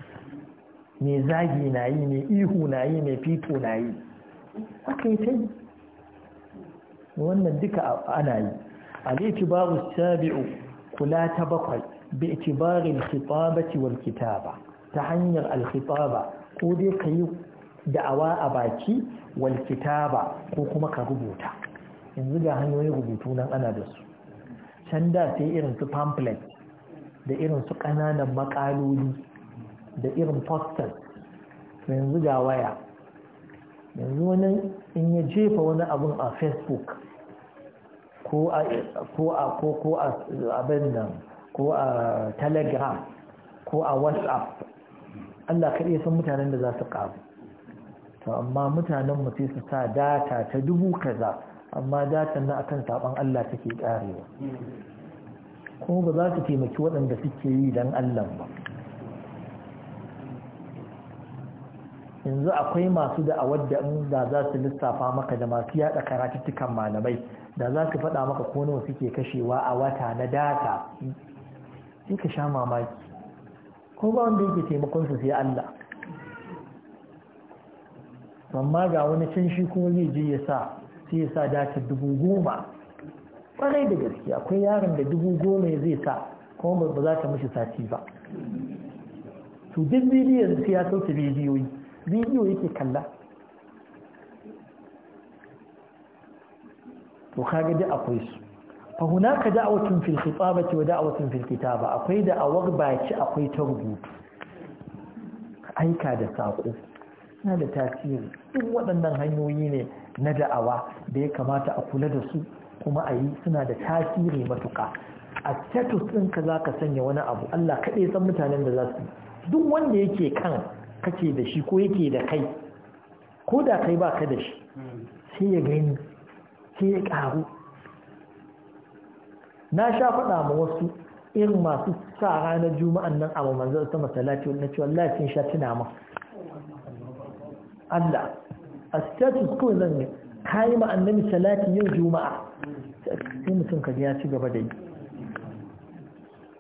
A: Me zagi na yi ihu na yi fito na yi yi ta yi wannan duka ana yi al-itibaru sabi'u kula ta bakwai bi itibarin khitabati kitaba ta hanyar al ko dai ka yi da'awa a baki wal kitaba ko kuma ka rubuta yanzu ga hanyoyin rubutu nan ana da su can da sai irin su pamphlet da irin su ƙananan makaloli da irin posters yanzu ga waya yanzu wani in ya jefa wani abun a facebook ko a ko a abin nan ko a telegram ko a whatsapp Allah iya san mutanen da za su ƙaru to amma mutanen mu sai su sa data ta dubu kaza amma datan na akan saban Allah take ƙarewa Ko ba za su taimaki waɗanda suke yi don Allah ba yanzu akwai masu da a wadda da za su lissafa maka da masu yaɗa karatuttukan malamai da za su faɗa maka ko nawa suke kashewa a wata na data sai ka sha mamaki ko ba wanda yake taimakon su sai Allah amma ga wani can shi kuma zai je ya sa sai ya sa data dubu goma kwarai da gaske akwai yaron da dubu goma ya zai sa kuma ba za ta mashi sati ba to duk bidiyon sai ya sauke bidiyoyi bidiyo yake kalla to kaga da akwai su fa hunaka da'watun fil khitabati wa da'watun fil kitaba akwai da'awar baki akwai ta rubutu aika da sako na da tasiri duk waɗannan hanyoyi ne na da'awa da ya kamata a kula da su kuma a yi suna da tasiri matuƙa a status ɗinka za ka sanya wani abu Allah kaɗai san mutanen da za su duk wanda yake kan kake da shi ko yake da kai ko da kai ba ka da shi sai ya gani sai ya ƙaru na sha faɗa ma wasu irin masu sa ranar juma'an nan abu manzan ta masalati na cewa Allah sun sha tuna ma Allah a status ko zan ne kayi ma annabi salati yau juma'a sai mutum ka ya ci gaba da yi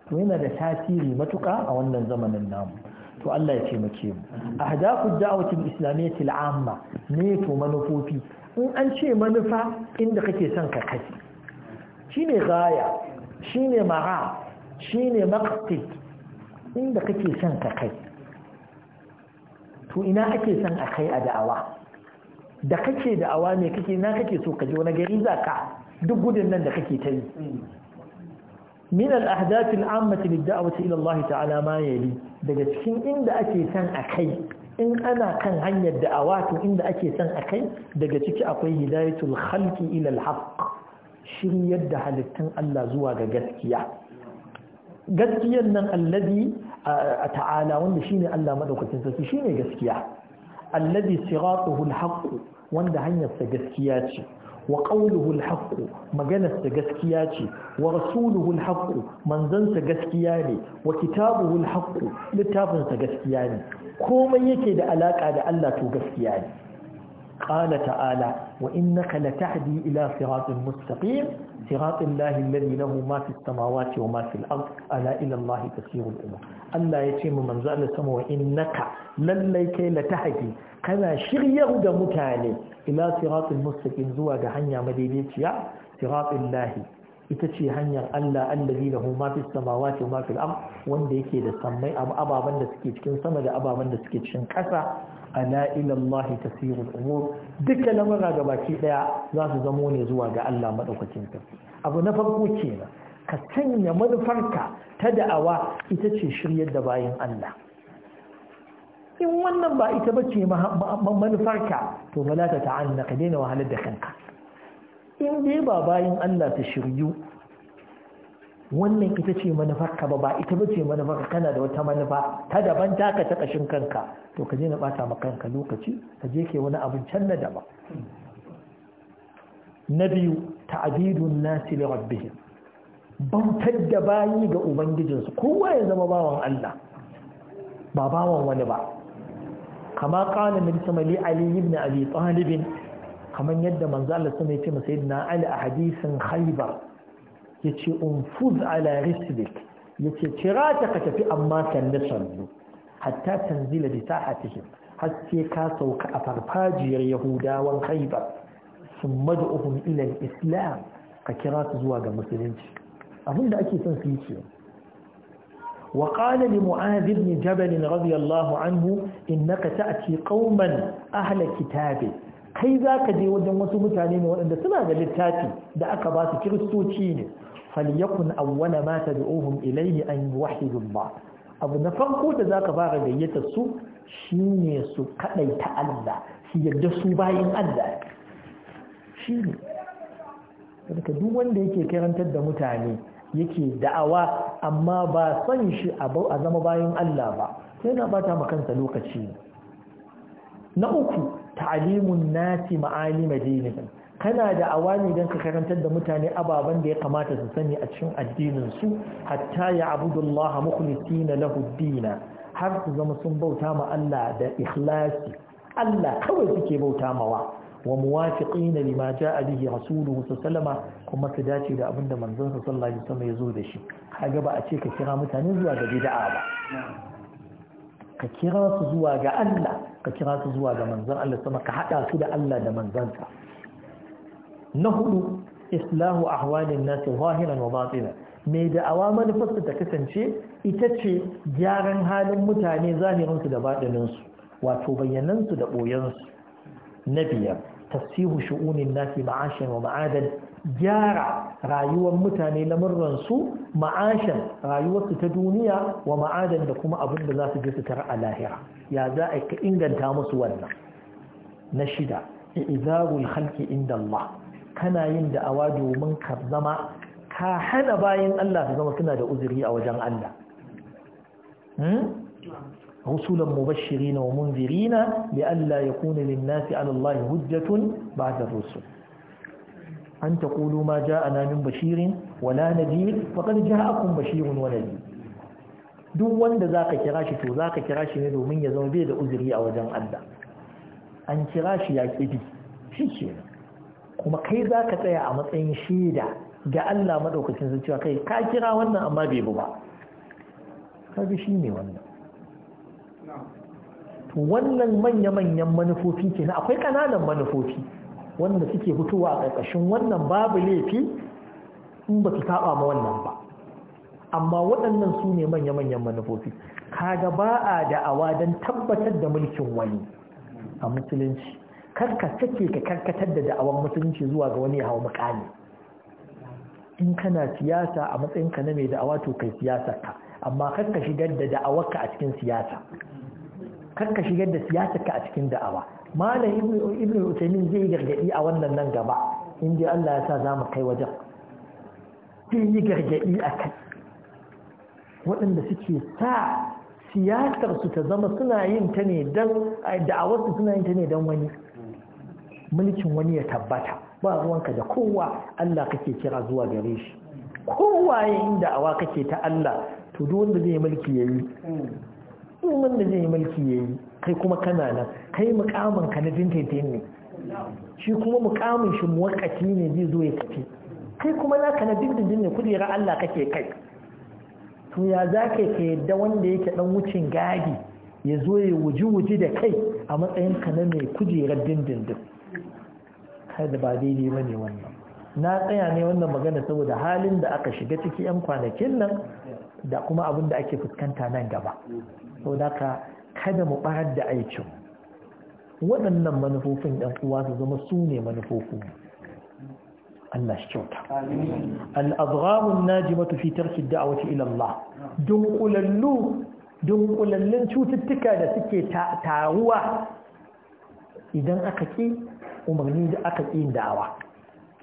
A: to yana da tasiri matuka a wannan zamanin namu to Allah ya ce mu A da'wati da'awatin islamiyyati al-amma ne to manufofi in an ce manufa inda kake son ka kai shine gaya shine mara shine maqsid inda kake son ka kai to ina ake son a kai a da'awa da kake da'awa ne kake na kake so ka wani gari zaka duk gudun nan da kake ta yi min al-ahdath al-ammah lid-da'wati ila Allah ta'ala ma yali daga cikin inda ake son a kai in ana kan hanyar da'awa to inda ake son a kai daga ciki akwai hidayatul khalqi ila al-haqq shiryar da halittun Allah zuwa ga gaskiya gaskiyar nan allazi a ta'ala wanda shine Allah madaukakin sarki shine gaskiya allazi siratuhu al-haqq wanda hanyarsa gaskiya ce wa qawluhu al maganarsa gaskiya ce wa rasuluhu al manzansa gaskiya ne wa kitabuhu al littafinsa gaskiya ne komai yake da alaƙa da Allah to gaskiya ne qala ta'ala wa innaka latahdi ila siratin mustaqim siratin lahi na lahu ma fis samawati wa ma fil ard ala ila lahi tasiru al-umur Allah ce mu manzo Allah sama wa naka lallai kai latahadi kana shiryar da mutane ila siratul mustaqim zuwa ga hanya madaidaiciya siratul lahi ita ce hanyar Allah allazi lahu ma fis samawati wa ma fil ard wanda yake da sammai ababan da suke cikin sama da ababan da suke cikin ƙasa ala ila allahi tasiru umur duka lamura ga baki daya za su zamo ne zuwa ga Allah madaukakin ta abu na farko kenan ka sanya manufarka ta da'awa ita ce shiryar da bayan Allah in wannan ba ita ba ce manufarka to bala ta ta'anna ka daina wahalar da kanka in dai ba bayan Allah ta shiryu wannan ita ce manufarka ba ba ita ce manufarka kana da wata manufa ta daban taka ta kashin kanka to ka je na bata ma kanka lokaci ka je ke wani abin can na daban na biyu ta'abidun nasi li rabbihim bautar da bayi ga ubangijinsu kowa ya zama bawan Allah ba bawan wani ba kama kana min sama li ali ibn abi talib kaman yadda manzo Allah sama yace sayyidina ali a hadisin khaybar yace unfuz ala rislik yace kira ta ka tafi amma sanne sannu hatta tanzila bi sahatihim har sai ka sauka a farfajiyar yahudawan khaybar sun mad'uhum ila al-islam ka kira su zuwa ga musulunci abinda ake son su yi ce. وقال لمعاذ بن جبل رضي الله عنه إنك تأتي قوما أهل كتابه kai za ka je wajen wasu mutane ne waɗanda suna da littafi da aka ba su kiristoci ne falyakun awwala ma tad'uhum ilayhi an yuwahhidu ba. abu na farko da zaka fara gayyata su shine su ta Allah su yarda su bayin Allah shine duk wanda yake karantar da mutane yake da'awa amma ba son shi a zama bayan Allah ba sai na bata ma kansa lokaci na uku ta'alimun nasi ma'alima dinihim kana da awani don ka karantar da mutane ababen da ya kamata su sani a cikin addinin su hatta ya abudullah mukhlisina lahu dina har su zama sun bauta ma Allah da ikhlasi Allah kawai suke bauta mawa Wa لما جاء به رسوله صلى الله عليه وسلم كما تداتي da abin da manzon صلى الله عليه وسلم yazo da shi kaga ba a ce ka kira mutane zuwa ga bid'a ba ka kira su zuwa ga Allah ka kira su zuwa ga manzon Allah sama ka hada su da Allah da manzansa na hudu islahu ahwalin nas zahiran wa batinan mai da'awa manufarsa ta kasance ita ce gyaran halin mutane zahirinsu da baɗininsu wato su da su na biyar tasihu shu'unin nasi ma'ashin wa ma'adan gyara rayuwar mutane lamurran su ma'ashin rayuwarsu ta duniya wa ma'adan da kuma abin da za su je su tara a lahira ya za a ka inganta musu wannan na shida izarul halki inda Allah kana yin da da'awa domin ka zama ka hana bayan Allah su zama suna da uzuri a wajen Allah hmm? رسلا مبشرين ومنذرين لئلا يكون للناس على الله هجة بعد الرسل أن تقولوا ما جاءنا من بشير ولا نذير فقد جاءكم بشير ونذير duk wanda za ka kira shi to za ka kira shi ne domin ya zama bai da uzuri a wajen Allah an kira shi ya ƙibi shi ke kuma kai za ka tsaya a matsayin shaida ga Allah maɗaukacin cewa kai ka kira wannan amma bai bu ba kaga shi ne wannan wannan manya-manyan manufofi ke akwai ƙananan manufofi wanda suke fitowa a ƙarƙashin wannan babu laifi in ba su taɓa ma wannan ba amma waɗannan su ne manya-manyan manufofi kaga ba a da'awa don tabbatar da mulkin wani a musulunci karka take ka karkatar da da'awar musulunci zuwa ga wani hau mukami in kana siyasa a matsayinka na mai da'awa to kai siyasar ka amma karka shigar da da'awarka a cikin siyasa ka shigar da siyasar ka a cikin da'awa malam ibn utaimin zai yi gargadi a wannan nan gaba in dai Allah ya sa za mu kai wajen zai yi gargadi a kai waɗanda suke sa siyasar su ta zama suna yin ta ne don da'awar su suna yin ta ne don wani mulkin wani ya tabbata ba ruwanka da kowa Allah kake kira zuwa gare shi kowa yayin da'awa kake ta Allah to duk wanda zai mulki yayi in wanda zai yi mulki ya yi kai kuma kana nan kai mukamin ka na dindindin ne shi kuma mukamin shi muwakati ne zai zo ya tafi kai kuma ka na dindindin ne kudera Allah kake kai to ya za ka yadda wanda yake dan wucin gadi ya zo ya wuji-wuji da kai a matsayin ka na mai kujerar dindindin kada ba daidai ba ne wannan na tsaya ne wannan magana saboda halin da aka shiga ciki 'yan kwanakin nan da kuma abin da ake fuskanta nan gaba sau da ka kada mu ɓarar da aikin waɗannan manufofin ɗan uwa su zama su ne manufofin Allah shi kyauta al'azghamun najimatu fi tarki da'awati ila Allah dunkulallu dunkulallun cututtuka da suke taruwa idan aka ƙi umarni da aka ƙi da'awa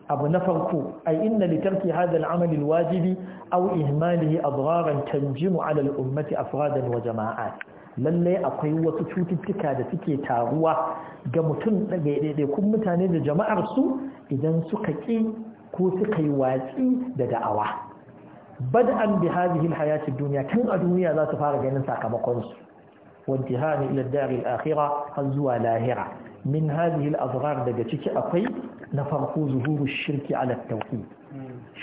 A: abu na farko ai inna li tarki hadha al-amal al-wajibi aw ihmalihi adgharan tanjimu ala al-ummati afradan wa jama'at lalle akwai wasu cututtuka da suke taruwa ga mutum daga kun mutane da jama'ar su idan suka ki ko suka yi watsi da da'awa bad'an bi hadhihi al-hayati ad-dunya kan a duniya za su fara ganin sakamakon su wa ila ad-dar al-akhirah har zuwa lahira min hadhihi al daga ciki akwai na farko zuhuru shirki ala tauhid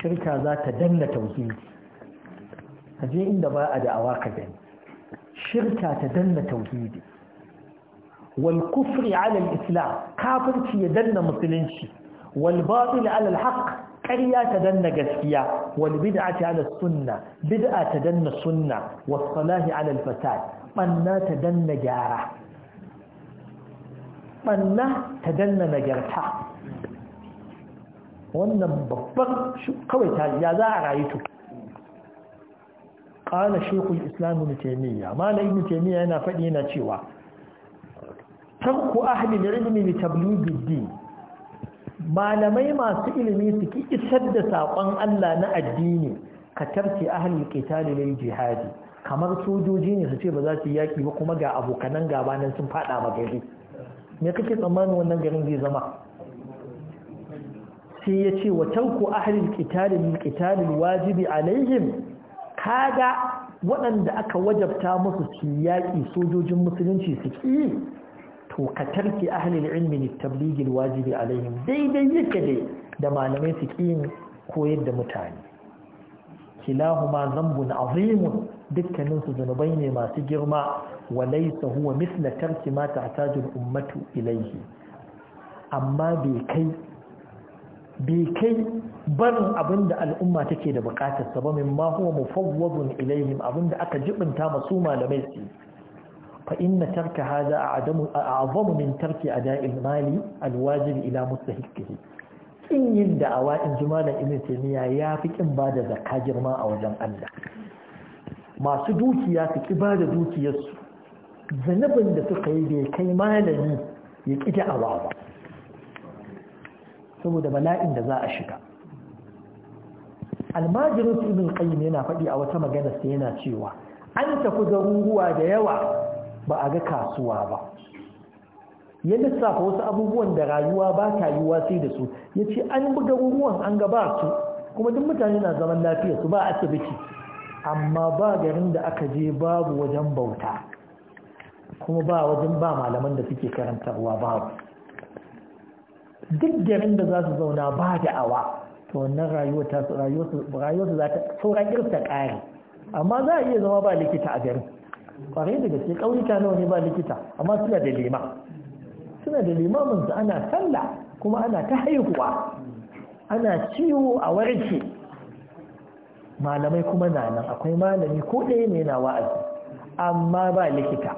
A: shirka za ta danna tauhidi Aje inda ba a da'awa ka gani shirka ta danna tauhidi wal kufri ala al-islam kafirci ya danna musulunci wal batil ala al-haq ƙarya ta danna gaskiya wal bid'ati ala sunna bid'a ta danna sunna was salahi ala al-fasad banna ta danna gyara Banna ta danna nagarta wannan babban kawai ta ya za a rayu to shekul islamu na taimiyya na ibn taimiyya yana faɗi yana cewa tarku ahlil ilmi li tablighi malamai masu ilimi su ki isar da saƙon Allah na addini ka tarce ahlil qitali lil jihadi kamar sojoji ne su ce ba za su yi yaƙi ba kuma ga abokanan gaba nan sun fada magari me kake tsammanin wannan garin zai zama sai ya ce wa tarku ahalin qitali lil wajibi alaihim kaga waɗanda aka wajabta musu su yaƙi sojojin musulunci su ƙi? to ka tarki ahalin ilmi lit wajibi alaihim daidai yake da malamai su ƙi koyar da mutane kilahuma zambun azimun dukkaninsu zunubai ne masu girma walaisa huwa misla tarki ma ta'tajul ummatu ilaihi amma bai kai barin abin da al'umma take da bukatar sa ba mimma huwa mufawwadun ilaihim abin da aka jibinta masu malamai su fa inna tarka hada a a'zamu min tarki ada'il mali alwajib ila mustahiqihi kin yin da'awa in ji malam ibn taymiya ya fi kin bada zakka girma a wajen Allah masu dukiya su ƙi ba da dukiyarsu zanabin da suka yi bai kai malami ya ƙi awa ba saboda bala'in da za a shiga almajirin su kai ne yana faɗi a wata magana sai yana cewa an tafi garuruwa da yawa ba a ga kasuwa ba ya lissafa wasu abubuwan da rayuwa ba ta yi sai da su ya ce an bi garuruwan an ga ba su kuma duk mutane na zaman lafiya su ba asibiti amma ba garin da aka je babu wajen bauta kuma ba wajen ba malaman da suke karantarwa babu duk garin da za su zauna ba da'awa to wannan rayuwarsu za ta sauran irsa ƙari amma za a iya zama ba likita a garin ƙwarai daga ce ƙauyuka nawa ne ba likita amma suna da lima suna da su ana sallah kuma ana ta haihuwa ana ciwo a warke malamai kuma na nan akwai malami ko ɗaya ne yana wa'azi amma ba likita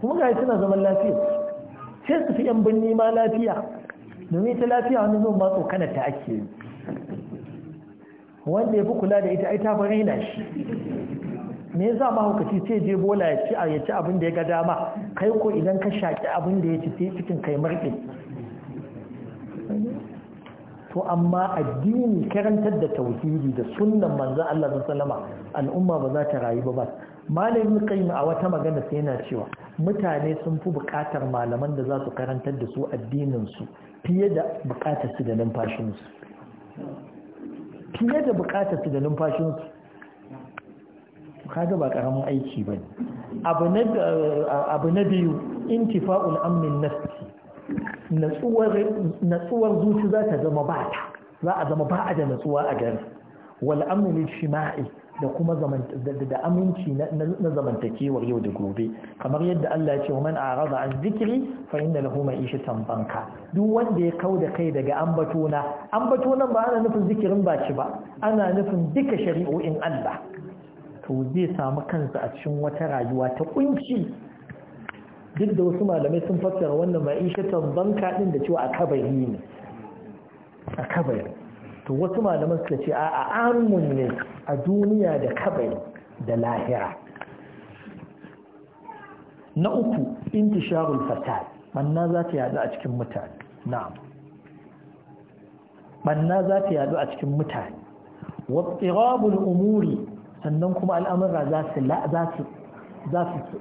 A: kuma ga suna zaman lafiya sai su fi yan birni ma lafiya domin ita lafiya wani zo ma tsokana ta ake yi wanda ya fi kula da ita ai ta fara na shi me yasa mahaukaci sai je bola ya ci ya ci abin da ya ga dama kai ko idan ka shaki abin da ya ci sai cikin kai marɗe to amma addini karantar da tauhidi da sunnan manzon Allah sallallahu alaihi al'umma ba za ta rayu ba ba malamin qayyim a wata magana sai yana cewa mutane sun fi buƙatar malaman da za su karantar da su addinin su fiye da buƙatar su da numfashin su fiye da buƙatar su da numfashin su kaga ba karamin aiki bane abu na biyu intifa'ul amnin nafsi natsuwar zuci za ta zama ba ta za a zama ba a da natsuwa a gari wani amri shima'i da kuma da aminci na zamantakewar yau da gobe kamar yadda Allah ya ce man araza an zikiri fa inna lahu ma'ishatan banka duk wanda ya kau da kai daga an ambatona ambatonan ba ana nufin zikirin ci ba ana nufin duka shari'o'in Allah to zai samu kansa a cikin wata rayuwa ta kunci duk da wasu malamai sun fassara wannan ma'ishatan banka din da cewa a kabari ne a kabari to wasu malaman suka ce a amun ne a duniya da kabari da lahira na uku intisharul fasad manna za ta yadu a cikin mutane na'am manna za ta yadu a cikin mutane wattirabul umuri sannan kuma al'amura za su za su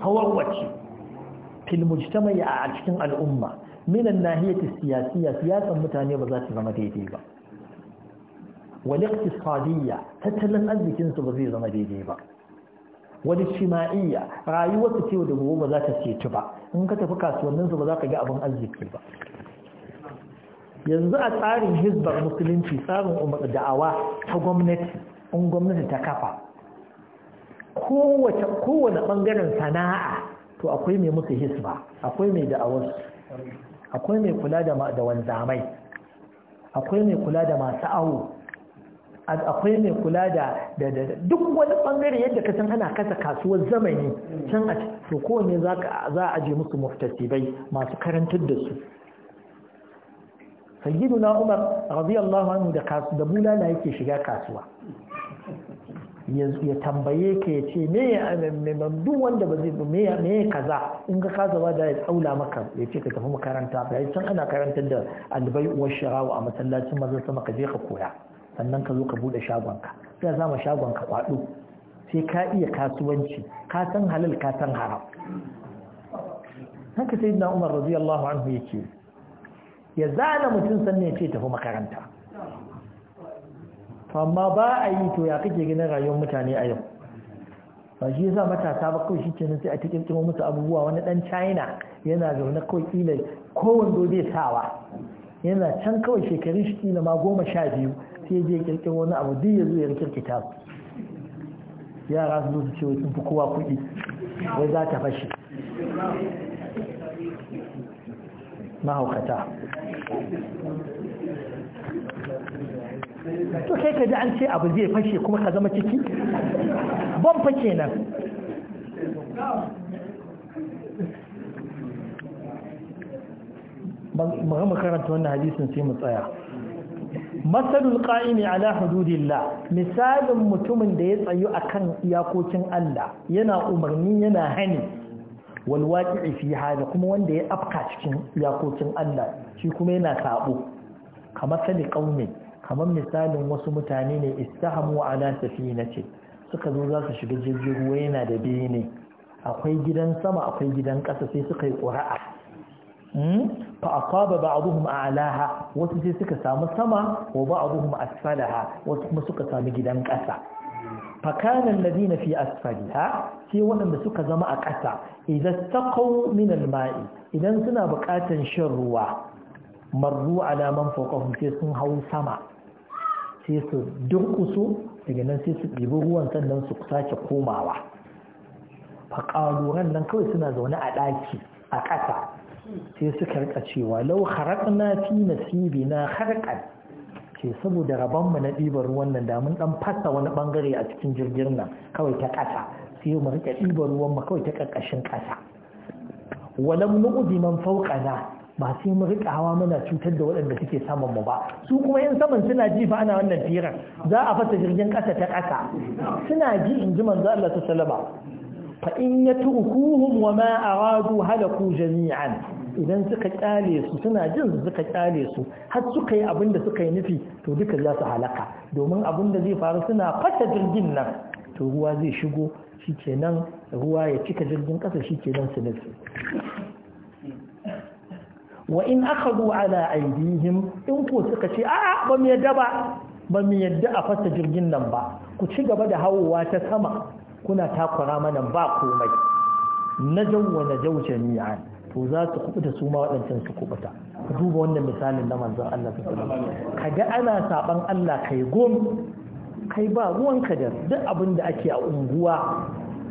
A: tawarwace fil mujtama'i a cikin al'umma minan nahiyati siyasiya siyasan mutane ba za ta zama daidai ba wal iqtisadiyya tattalin arzikin su ba zai zama daidai ba wal ijtima'iyya rayuwar su ce da gobe ba za ta cetu ba in ka tafi kasuwanninsu su ba za ka ga abin arziki ba yanzu a tsarin hizbar musulunci tsarin umar da'awa ta gwamnati in gwamnati ta kafa kowane bangaren sana'a to akwai mai musu hisba akwai mai da'awarsu akwai mai kula da wanzamai akwai mai kula da masu awo akwai mai kula da duk wani bangare yadda ka san ana kasa kasuwar zamani can a to kowane za a aje musu muftasibai masu karantar da su sayyiduna umar radiyallahu anhu da bulala yake shiga kasuwa ya tambaye ka ya ce me ya duk wanda ba zai me ya kaza in ka kasa ba da ya tsaula maka ya ce ka tafi makaranta ba can ana karantar da albai uwar sharawa a masallacin mazan sama ka je ka koya sannan ka zo ka bude ka sai zama ka kwado sai ka iya kasuwanci ka san halal ka san haram haka sai na umar radiyallahu anhu yake ya zana mutum sannan ya ce tafi makaranta amma ba a yi to ya kake ganin rayuwar mutane a yau ba shi yasa matasa ba kawai shi kenan sai a ta tsimo musu abubuwa wani dan china yana zaune kawai kila kowanne zai sawa yana can kawai shekarun shi kila ma goma sha biyu sai je kirkiro wani abu duk ya zo ya kirkita yara su zo su ce sun fi kowa kuɗi wai za ta fashe mahaukata
B: to kai ka ji an ce
A: abu zai fashe kuma ka zama ciki ban fa kenan
B: mu karanta wannan
A: hadisin sai mu tsaya masalul qa'imi ala hududillah misalin mutumin da ya tsayu akan iyakokin Allah yana umarni yana hani wal waqi'i fi hada kuma wanda ya afka cikin iyakokin Allah shi kuma yana sabo kamar sali ƙaunin. kamar misalin wasu mutane ne istahamu ala ce, suka zo za su shiga jirgin ruwa yana da bene akwai gidan sama akwai gidan ƙasa sai suka yi ƙura'a hmm? fa aqaba ba'dhum a'laha wasu sai suka samu sama wa ba'dhum asfalaha wasu kuma suka samu gidan ƙasa fa kana alladhina fi asfaliha sai waɗanda suka zama a ƙasa idan taqaw min al idan suna buƙatan shan ruwa marru ala man fawqahum sai sun hau sama sai su durkusu daga nan sai su ɗibi ruwan sannan su sake komawa faƙaruran nan kawai suna zaune a ɗaki a ƙasa sai suka rika cewa lau na fi nasibi na harkar ce saboda rabonmu na ɗibar ruwan nan da ɗan fasa wani ɓangare a cikin jirgin nan kawai ta ƙasa sai mu rika ɗibar ruwan mu kawai ta ƙarƙashin ƙasa walam nu'udi man fauqana ba sai mu rika hawa muna cutar da waɗanda suke saman mu ba su kuma yan saman suna ji fa ana wannan firar za a fasa jirgin ƙasa ta ƙasa suna ji in ji manzo Allah ta salama fa in yatukuhum wa ma aradu halaku jami'an idan suka kyale su suna jin su suka kyale su har suka yi abin da suka yi nufi to duka za su halaka domin abin da zai faru suna fasa jirgin nan to ruwa zai shigo shikenan ruwa ya cika jirgin ƙasa shikenan su nufi wa in akhadhu ala aydihim in ko suka ce a'a ba mu yadda ba ba mu yadda a fasa jirgin nan ba ku ci gaba da hawowa ta sama kuna takura mana ba komai na najaw wa Jau jami'a to za su kubuta su ma waɗancan su kubuta ka duba wannan misalin na manzon Allah sallallahu alaihi wasallam kaga ana saban Allah kai gom kai ba ruwanka da duk abin da ake a unguwa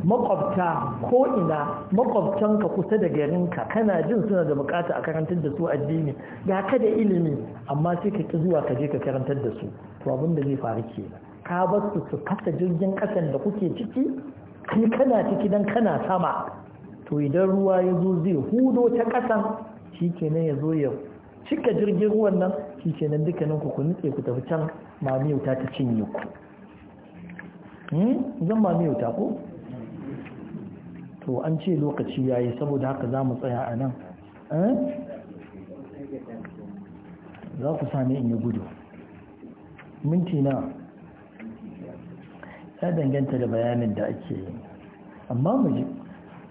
A: makwabta ko ina makwabtanka kusa da garinka kana jin suna da bukata a karantar da su addini ga ka da ilimi amma sai ka ki zuwa ka je ka karantar da su to abin da zai faru ke ka bar su su kasa jirgin kasan da kuke ciki kai kana ciki dan kana sama to idan ruwa ya zo zai hudo ta kasan shikenan ya zo ya cika jirgin ruwan nan shikenan dukkanin ku ku nutse ku tafi can mamiyauta ta cinye ku hmm? zan mamiyauta ko to an ce lokaci ya yi saboda haka za mu tsaya a nan eh? za ku sami in yi gudu minti na ya danganta da bayanin da ake yi amma mu ji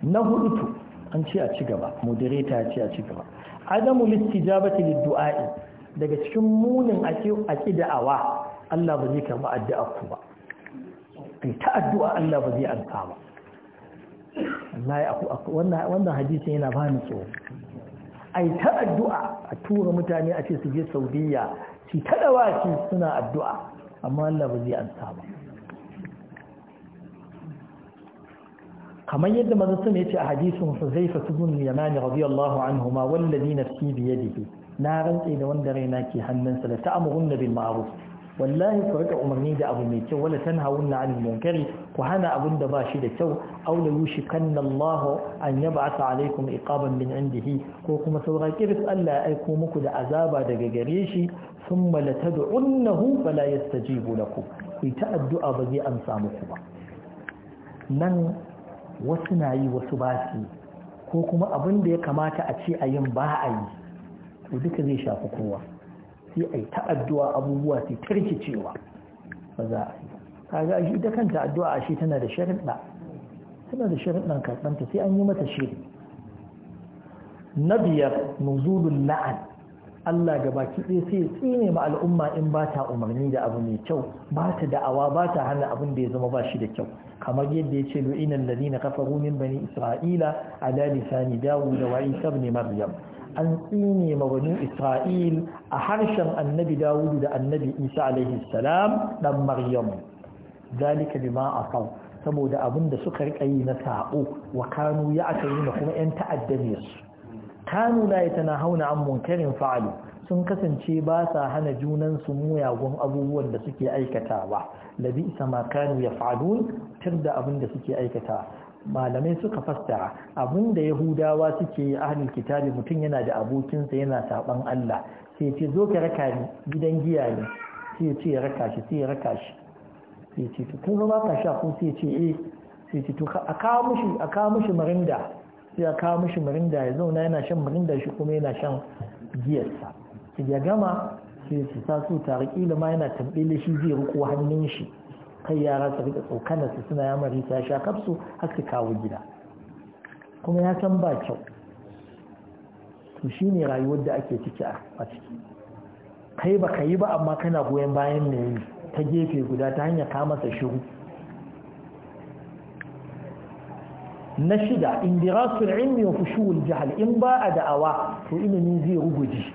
A: na hudu to an ce a ci gaba moderator ya ce a ci gaba adamu listijabati du'a'i daga cikin munin ake da'awa Allah ba zai kama addu'a ku ba ta addu'a Allah ba zai alka wannan hadisi yana ba ni tso. ai ta addu'a a tura mutane a ce su je saudiya ci ta dawaki suna addu'a amma Allah ba zai ansa ba kamar yadda manzo sun yace a hadisin Huzaifa ibn Yamani radiyallahu anhu ma wallazi nafsi bi yadihi na rantse da wanda raina ke da ta ta'murun bil ma'ruf wallahi ku rika umarni da abu mai kyau wala tanhawunna 'anil munkari ku hana abun da ba shi da kyau aw la yushikanna Allah an yab'atha 'alaykum iqaban min 'indihi ko kuma saura kiris Allah ya aiko muku da azaba daga gare shi thumma la tad'unnahu fala yastajibu lakum ku ta addu'a ba zai amsa muku ba nan wasu na yi wasu ba su ko kuma abin da ya kamata a ce a yin ba a yi to duka zai shafi kowa sai a yi ta'addu'a abubuwa sai tarkicewa ba za a yi kaga shi ita kanta addu'a a shi tana da sharuɗa tana da sharuɗan karɓanta sai an yi mata shiri na biyar nuzulun la'an Allah ga baki ɗaya sai ya tsine ma al'umma in ba ta umarni da abu mai kyau ba ta da'awa ba ta hana abin da ya zama ba shi da kyau kamar yadda ya ce lu'inan ladina kafa min bani isra'ila a lisani dawud wa isa maryam an tsine ma bani isra'il a harshen annabi Dawudu da annabi isa alaihi salam dan maryam zalika bima asaw saboda abin da suka rika yi na sa'o wa kanu ya aka yi kuma yan su. kanu la hauna an munkarin fa'alu sun kasance ba sa hana junan su muyagun abubuwan da suke aikata ba labi sama kanu yaf'alun tirda abin da suke aikata malamai suka fassara abinda yahudawa suke yi ahlul kitabi mutum yana da abokinsa yana saban Allah sai ce zo ka raka ni gidan giya ne sai ce ya raka shi sai ya raka shi sai ce to kuma ba ka sha ko sai ce eh sai ce to a kawo mishi a kawo mishi marinda sai ya kawo mishi mirinda ya zauna yana shan mirinda shi kuma yana shan giyarsa ya gama sai su sa su tare kila ma yana tambile shi zai riko hannun shi kai yara su rika tsokanar su suna yamari ta sha kafsu har su kawo gida kuma ya san ba kyau to shine rayuwar da ake ciki a ciki kai ba ka yi ba amma kana goyon bayan ne ta gefe guda ta hanyar ka masa shiru na shida indirasul ilmi wa fushuwul jahal in ba a da'awa to ilimi zai ruguji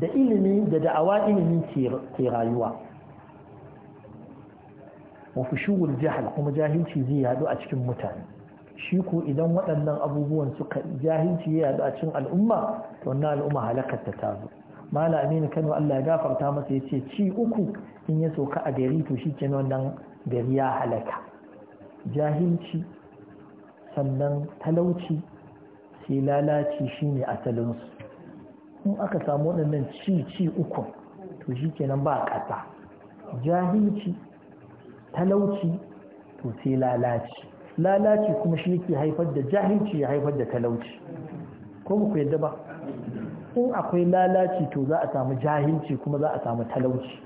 A: da ilimi da da'awa ilimi ke rayuwa wa fushuwul jahal kuma jahilci zai yadu a cikin mutane shi ko idan waɗannan abubuwan suka jahilci ya yadu a cikin al'umma to wannan al'umma halakar ta tazo mala aminu kano Allah ya gafarta masa ya ce ci uku in ya soka a gari to shi kenan wannan gari ya halaka jahilci sannan talauci sai lalaci shine asalinsu in aka samu waɗannan ci ci uku to shi kenan ba kasa jahilci talauci to sai lalaci lalaci kuma shi yake haifar da jahilci ya haifar da talauci ko muku yadda ba in akwai lalaci to za a samu jahilci kuma za a samu talauci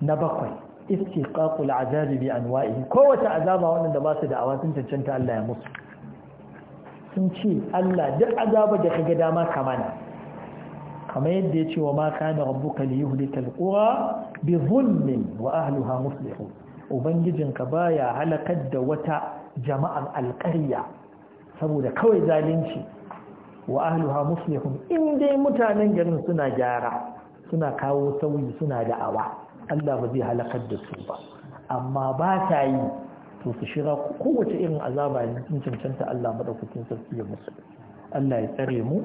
A: na bakwai istiqaqul azabi bi anwa'ihi kowace azaba wannan da ba su da sun cancanta Allah ya musu sun ce Allah duk azaba da kaga dama kamana kamar yadda ya ce wa ma kana rabbuka li yuhlikal qura bi dhulmin wa ahliha muslihun ubangijinka baya halakar da wata jama'ar alƙarya saboda kawai zalunci wa ahliha muslihun in dai mutanen garin suna gyara suna kawo sauyi suna da'awa Allah ba zai halakar da su ba amma ba ta yi to su shira kowace irin azaba ne sun cancanta Allah madaukakin sarki ya musu Allah ya tsare mu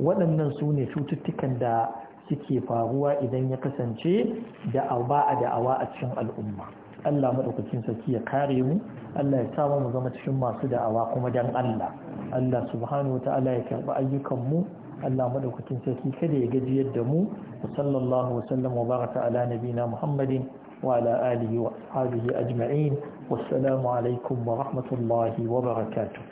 A: waɗannan su ne cututtukan da suke faruwa idan ya kasance da ba a da'awa a cikin al'umma Allah madaukakin sarki ya kare mu Allah ya sa mu zama cikin masu da'awa kuma dan Allah Allah subhanahu wa ta'ala ya karɓi ayyukan mu Allah madaukakin sarki kada ya gajiyar da mu sallallahu wasallam wa baraka ala nabina Muhammadin wa ala alihi wa ajma'in wassalamu alaikum wa rahmatullahi wa barakatuh